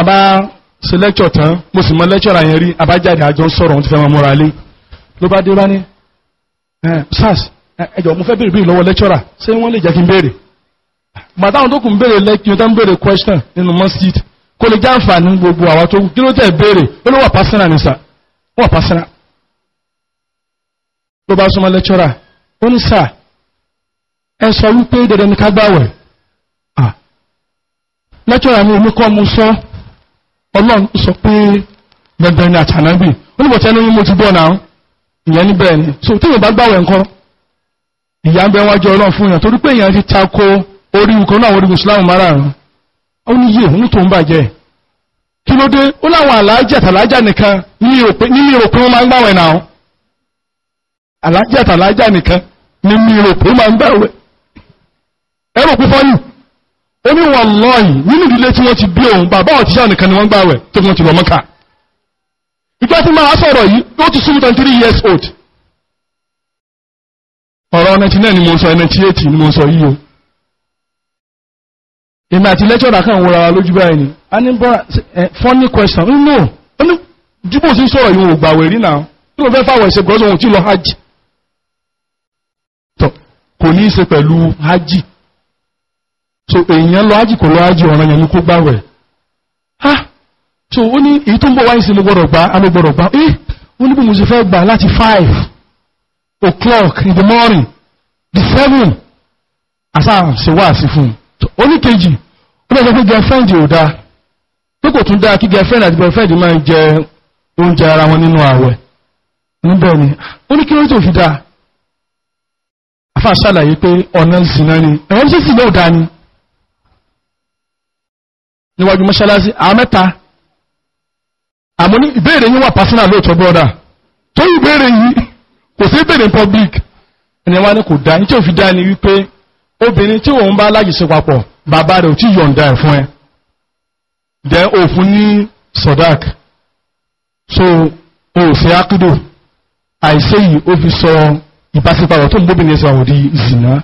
àbá ṣe lẹ́kṣọ̀ tán mo sì mọ lẹ́kṣọ̀ àyẹn rí àbájáde àjọ sọ̀rọ̀ ohun tí fẹ́ máa múra lé ló bá dé bá ní eh, sars eh, ẹjọ mo fẹ́ béèrè béèrè lọ́wọ́ lẹ́kṣọ̀rà ṣé wọ́n lè jẹ́ kí n béèrè màtá tó kù ń lẹ́kìn tó ń béèrè question nínú mosque kò lè jẹ́ àǹfààní gbogbo àwa tó kí ló tẹ̀ béèrè ó ló wà pásínà nìsà wọ́n pasara. ló bá súnmọ́ lẹ́kṣọ́rà ó ní sáà ẹ sọ wípé dandan ní ká gbàwẹ̀ lẹ́kṣọ́rà mi ò ní kọ́ mu sọ ọlọ́run sọ pé dandan ní àtànábì ó ní mo ti bọ̀ náà ìyẹn ni so tí èèyàn bá gbàwẹ̀ ńkọ́ ìyá ń bẹ wájú ọlọ́run fún èèyàn torí pé èèyàn ti tako orí ikọ̀ náà orí Islam márààrún ó ní yé òun tó ló dé ó láwọn aláàjì àtàlájà nìkan ní ìrò pé wọ́n máa ń gbàwẹ̀ náà aláàjì àtàlájà nìkan ní ìrò pé wọ́n máa ń gbàwẹ̀ ẹ̀rọ púpọ̀ yìí wọn lọ́yìn nínú ìdílé tí wọ́n ti bí òun bàbá ọ̀tíṣà nìkan ni wọ́n gbàwẹ̀ tó wọ́n years old ọ̀rọ̀ ni mo sọ ni mo sọ yìí o èmi àti a ní funny question ó no ó ní jíbò sí sọ̀rọ̀ yìí ò gbàwẹ̀ rí náà tí wọ́n fẹ́ fàwọ̀ ẹ̀ṣẹ̀ gọ́ọ̀sì wọn ò tí lọ hajj tọ̀ kò ní í ṣe pẹ̀lú hajj so èèyàn lọ hajj kò lọ hajj ọ̀ràn yẹn ni kó gbàwẹ̀ ha so ó ní èyí tó ń bọ̀ wáyé sí ló gbọ́dọ̀ gbá a ló gbọ́dọ̀ gbá eh ó ní bí mo ṣe fẹ́ gbà láti five o'clock in the morning the seven àṣà ṣe wá sí fún un oníkejì ó lọ́jọ́ pé girlfriend ò dáa pé kò tún dáa kí girlfriend àti boyfriend máa jẹ oúnjẹ ara wọn nínú ààwẹ̀ níbẹ̀ ni ó ní kí ló tó fi dáa àfáà ṣàlàyé pé ọ̀nà ìsìnà ni ẹ̀wọ́n sì sì ni níwájú mọ́ṣáláṣí àwọn mẹ́ta àmọ́ ní ìbéèrè yín wà personal lóòótọ́ yi tó ìbéèrè yìí kò sí ìbéèrè public ni wípé obìnrin tí òun bá papọ̀ bàbá rẹ̀ ò tí then òfun ní sodak so òsè akido àìsè yìí ó fi sọ ìbáṣepọ̀ tó ń bóbìnrin ẹsẹ̀ àwọn di zina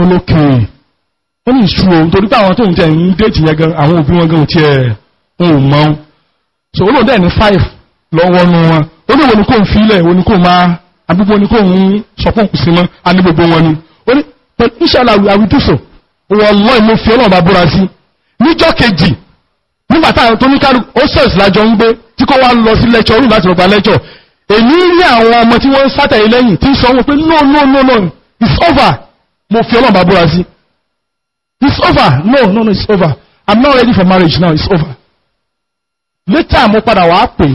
olókèèrè ó ní ìṣúrò torí pé àwọn tó ń tẹ̀ ń déètì yẹn gan àwọn òbí wọn gan ò tiẹ̀ ń ò mọ́ so olóòdà ẹni five lọ́wọ́ nu wọn ó ní wo ni kò ń filẹ̀ wo ni kò máa àbúgbò ni kò ń sọpọ́ǹkù sí mọ́ a ní gbogbo wọn ni ó ní pẹ̀lú iṣẹ́ àlàwí àwùjọsọ wọ́n lọ́ọ̀ mo fi ọlọ́ọ̀bá búra sí níjọ́ kejì nígbà táwọn tó ní kálù ó sẹ̀sì lájọ ń gbé tí kò wá lọ sí lẹ́kọ̀ọ́ rúùn láti lọ́gbà lẹ́kọ̀ọ́ èmi rí àwọn ọmọ tí wọ́n sátẹ̀yìn lẹ́yìn tí ń sọ wọn pé no no no no it's over mo fi ọlọ́mà búra sí it's over no no no it's over i'm not ready for marriage now it's over later mo padà wàá pè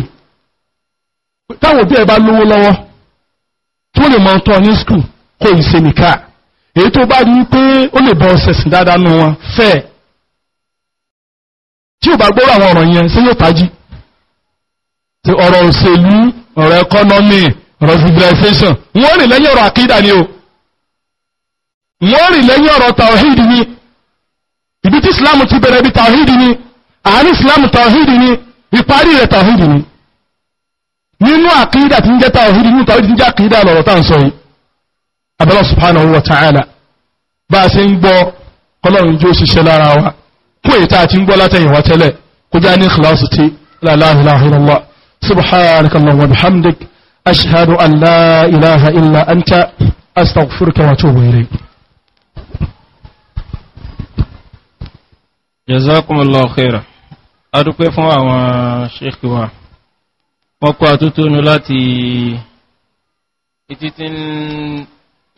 táwọn òbí ẹ bá lówó lọ́wọ́ tó lè mọ tọ́ ní skul kó ìṣe nìka èyí tó bá rí i pé ó lè bọ ọ̀sẹ̀ sìn dáadáa nù wọn fẹ́ẹ̀ tí ò bá gbọ́rọ̀ àwọn ọ̀rọ̀ yẹn sí yóò tají ti ọ̀rọ̀ òṣèlú ọ̀rọ̀ ẹkọ́nọ́mì ọ̀rọ̀ civilization wọ́n rìn lẹ́yìn ọ̀rọ̀ àkídà ni o wọ́n rìn lẹ́yìn ọ̀rọ̀ tàwíìdì ni ibi tí islam ti bẹ̀rẹ̀ bí tàwíìdì ni àárín islam tàwíìdì ni ìparí rẹ̀ tàwíìdì ni nínú àkídà ti ń jẹ́ tàwíìdì nínú tàwíìdì ti ń jẹ́ àkídà lọ̀rọ̀ tá à ń sọ yìí abẹ́lọ́ subhanahu wa ta'ala bá a ṣe ń gbọ́ kọ́lọ́run jó ṣiṣẹ́ lára wa kó èyí tá a ti ń gbọ́ látẹ̀yìn wá tẹ́lẹ̀ kó já ní kìláàsì tí la ilaha illallah subhanakallahumma wa bihamdik ashhadu an la ilaha illa anta astaghfiruka wa atubu ilayk jazakumullahu khairan adúpẹ́ fún àwọn sheikh wa wọ́n kọ́ àtútónú láti ìtí tí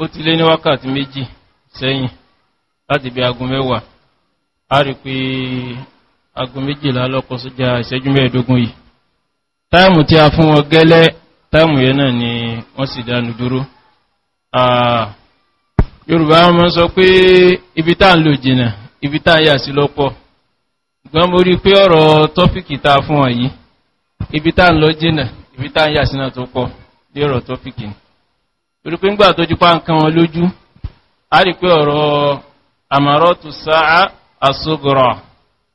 ó ti lé ní wákàtí méjì sẹ́yìn láti bí aago mẹ́wàá a rí pé aago méjìlá lọ́kọ̀ sójá ìṣẹ́jú mẹ́ẹ̀ẹ́dógún yìí táàmù tí a fún wọn gẹ́lẹ́ táàmù náà ni wọ́n sì dánu dúró yorùbá ọmọ sọ pé ibi tá ń lò ibi tá yà sí lọ́pọ̀ pé ọ̀rọ̀ tọ́fíkì tá fún wọn yìí ibi tá lọ ibi tá ń yà sí náà tó pọ̀ ní ọ̀rọ̀ tọ́fíkì ni torí pé ńgbà tó asogoro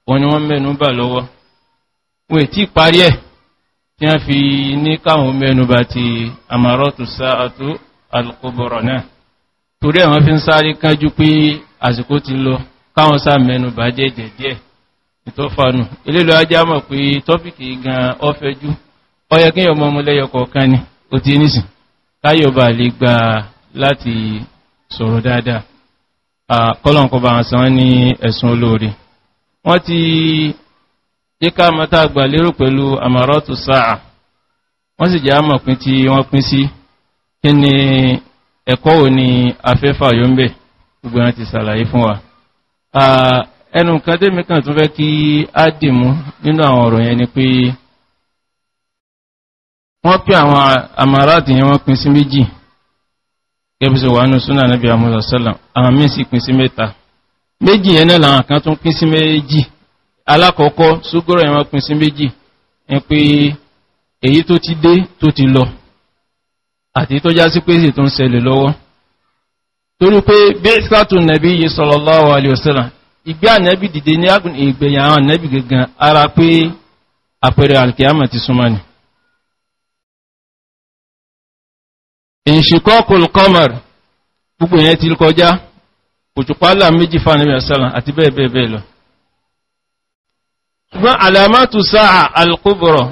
wọn ni wọ́n mẹ́nu bà lọ́wọ́ wọ́n tí parí ẹ̀ tí wọ́n fi ní káwọn mẹ́nu bà ti àmàrọ́tù sáàtú alkoboro náà torí àwọn fi ń sáré kánjú pé àsìkò ti lọ káwọn sá mẹ́nu bà jẹ́ jẹ́jẹ́ ìtọ́fànù ilélo ajá mọ̀ pé tọ́pìkì gan ọfẹ́jú ọyẹ kí ọmọ ọmọlẹ́yọ kọ̀ọ̀kan ni ó ti nísìn káyọ̀ bà lè gbà láti sọ̀rọ̀ dáadáa kọ́lọ̀nkọba àsán ní ẹ̀sùn olóorí wọ́n ti díká mọ́ta àgbà lérò pẹ̀lú àmàrọ́tù sáà wọ́n sì jẹ́ àmọ̀pín tí wọ́n pín sí kí ni ẹ̀kọ́ ò ní afẹ́fà yóò ń bẹ̀ gbogbo wọn ti sàlàyé fún wa ẹnu kan tẹ́mi kan tún fẹ́ kí á dìmú nínú àwọn ọ̀rọ̀ yẹn ni pé wọ́n pín àwọn àmàrọ́tù yẹn wọ́n pín sí méjì gẹ́bíṣẹ́ wà ní súnà níbi àmúsàsọ́là àwọn míì sì pín sí mẹ́ta méjì yẹn náà làwọn kan tún pín sí méjì alákọ̀ọ́kọ́ ṣúgọ́rọ̀ yẹn wọ́n pín sí méjì ń pé èyí tó ti dé tó ti lọ àti tó já sí pé tó ń ṣẹlẹ̀ lọ́wọ́ torí pé bí sátún nàbí yìí sallallahu alaihi wasallam ìgbé ànábì dìde ní ara pé àpẹẹrẹ alkiyama ti inshikokul qamar gbogbo yẹn ti kọjá òjùpálà méjì fánàbí àṣálà àti bẹ́ẹ̀ bẹ́ẹ̀ bẹ́ẹ̀ lọ ṣùgbọ́n alamatu sáà alkubra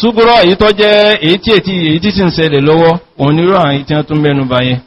ṣúgbọ́rọ̀ èyí tó jẹ́ èyí tí èyí tí ń ṣẹlẹ̀ lọ́wọ́ òun nírọ̀ àyíkí tún mẹ́nu báyẹn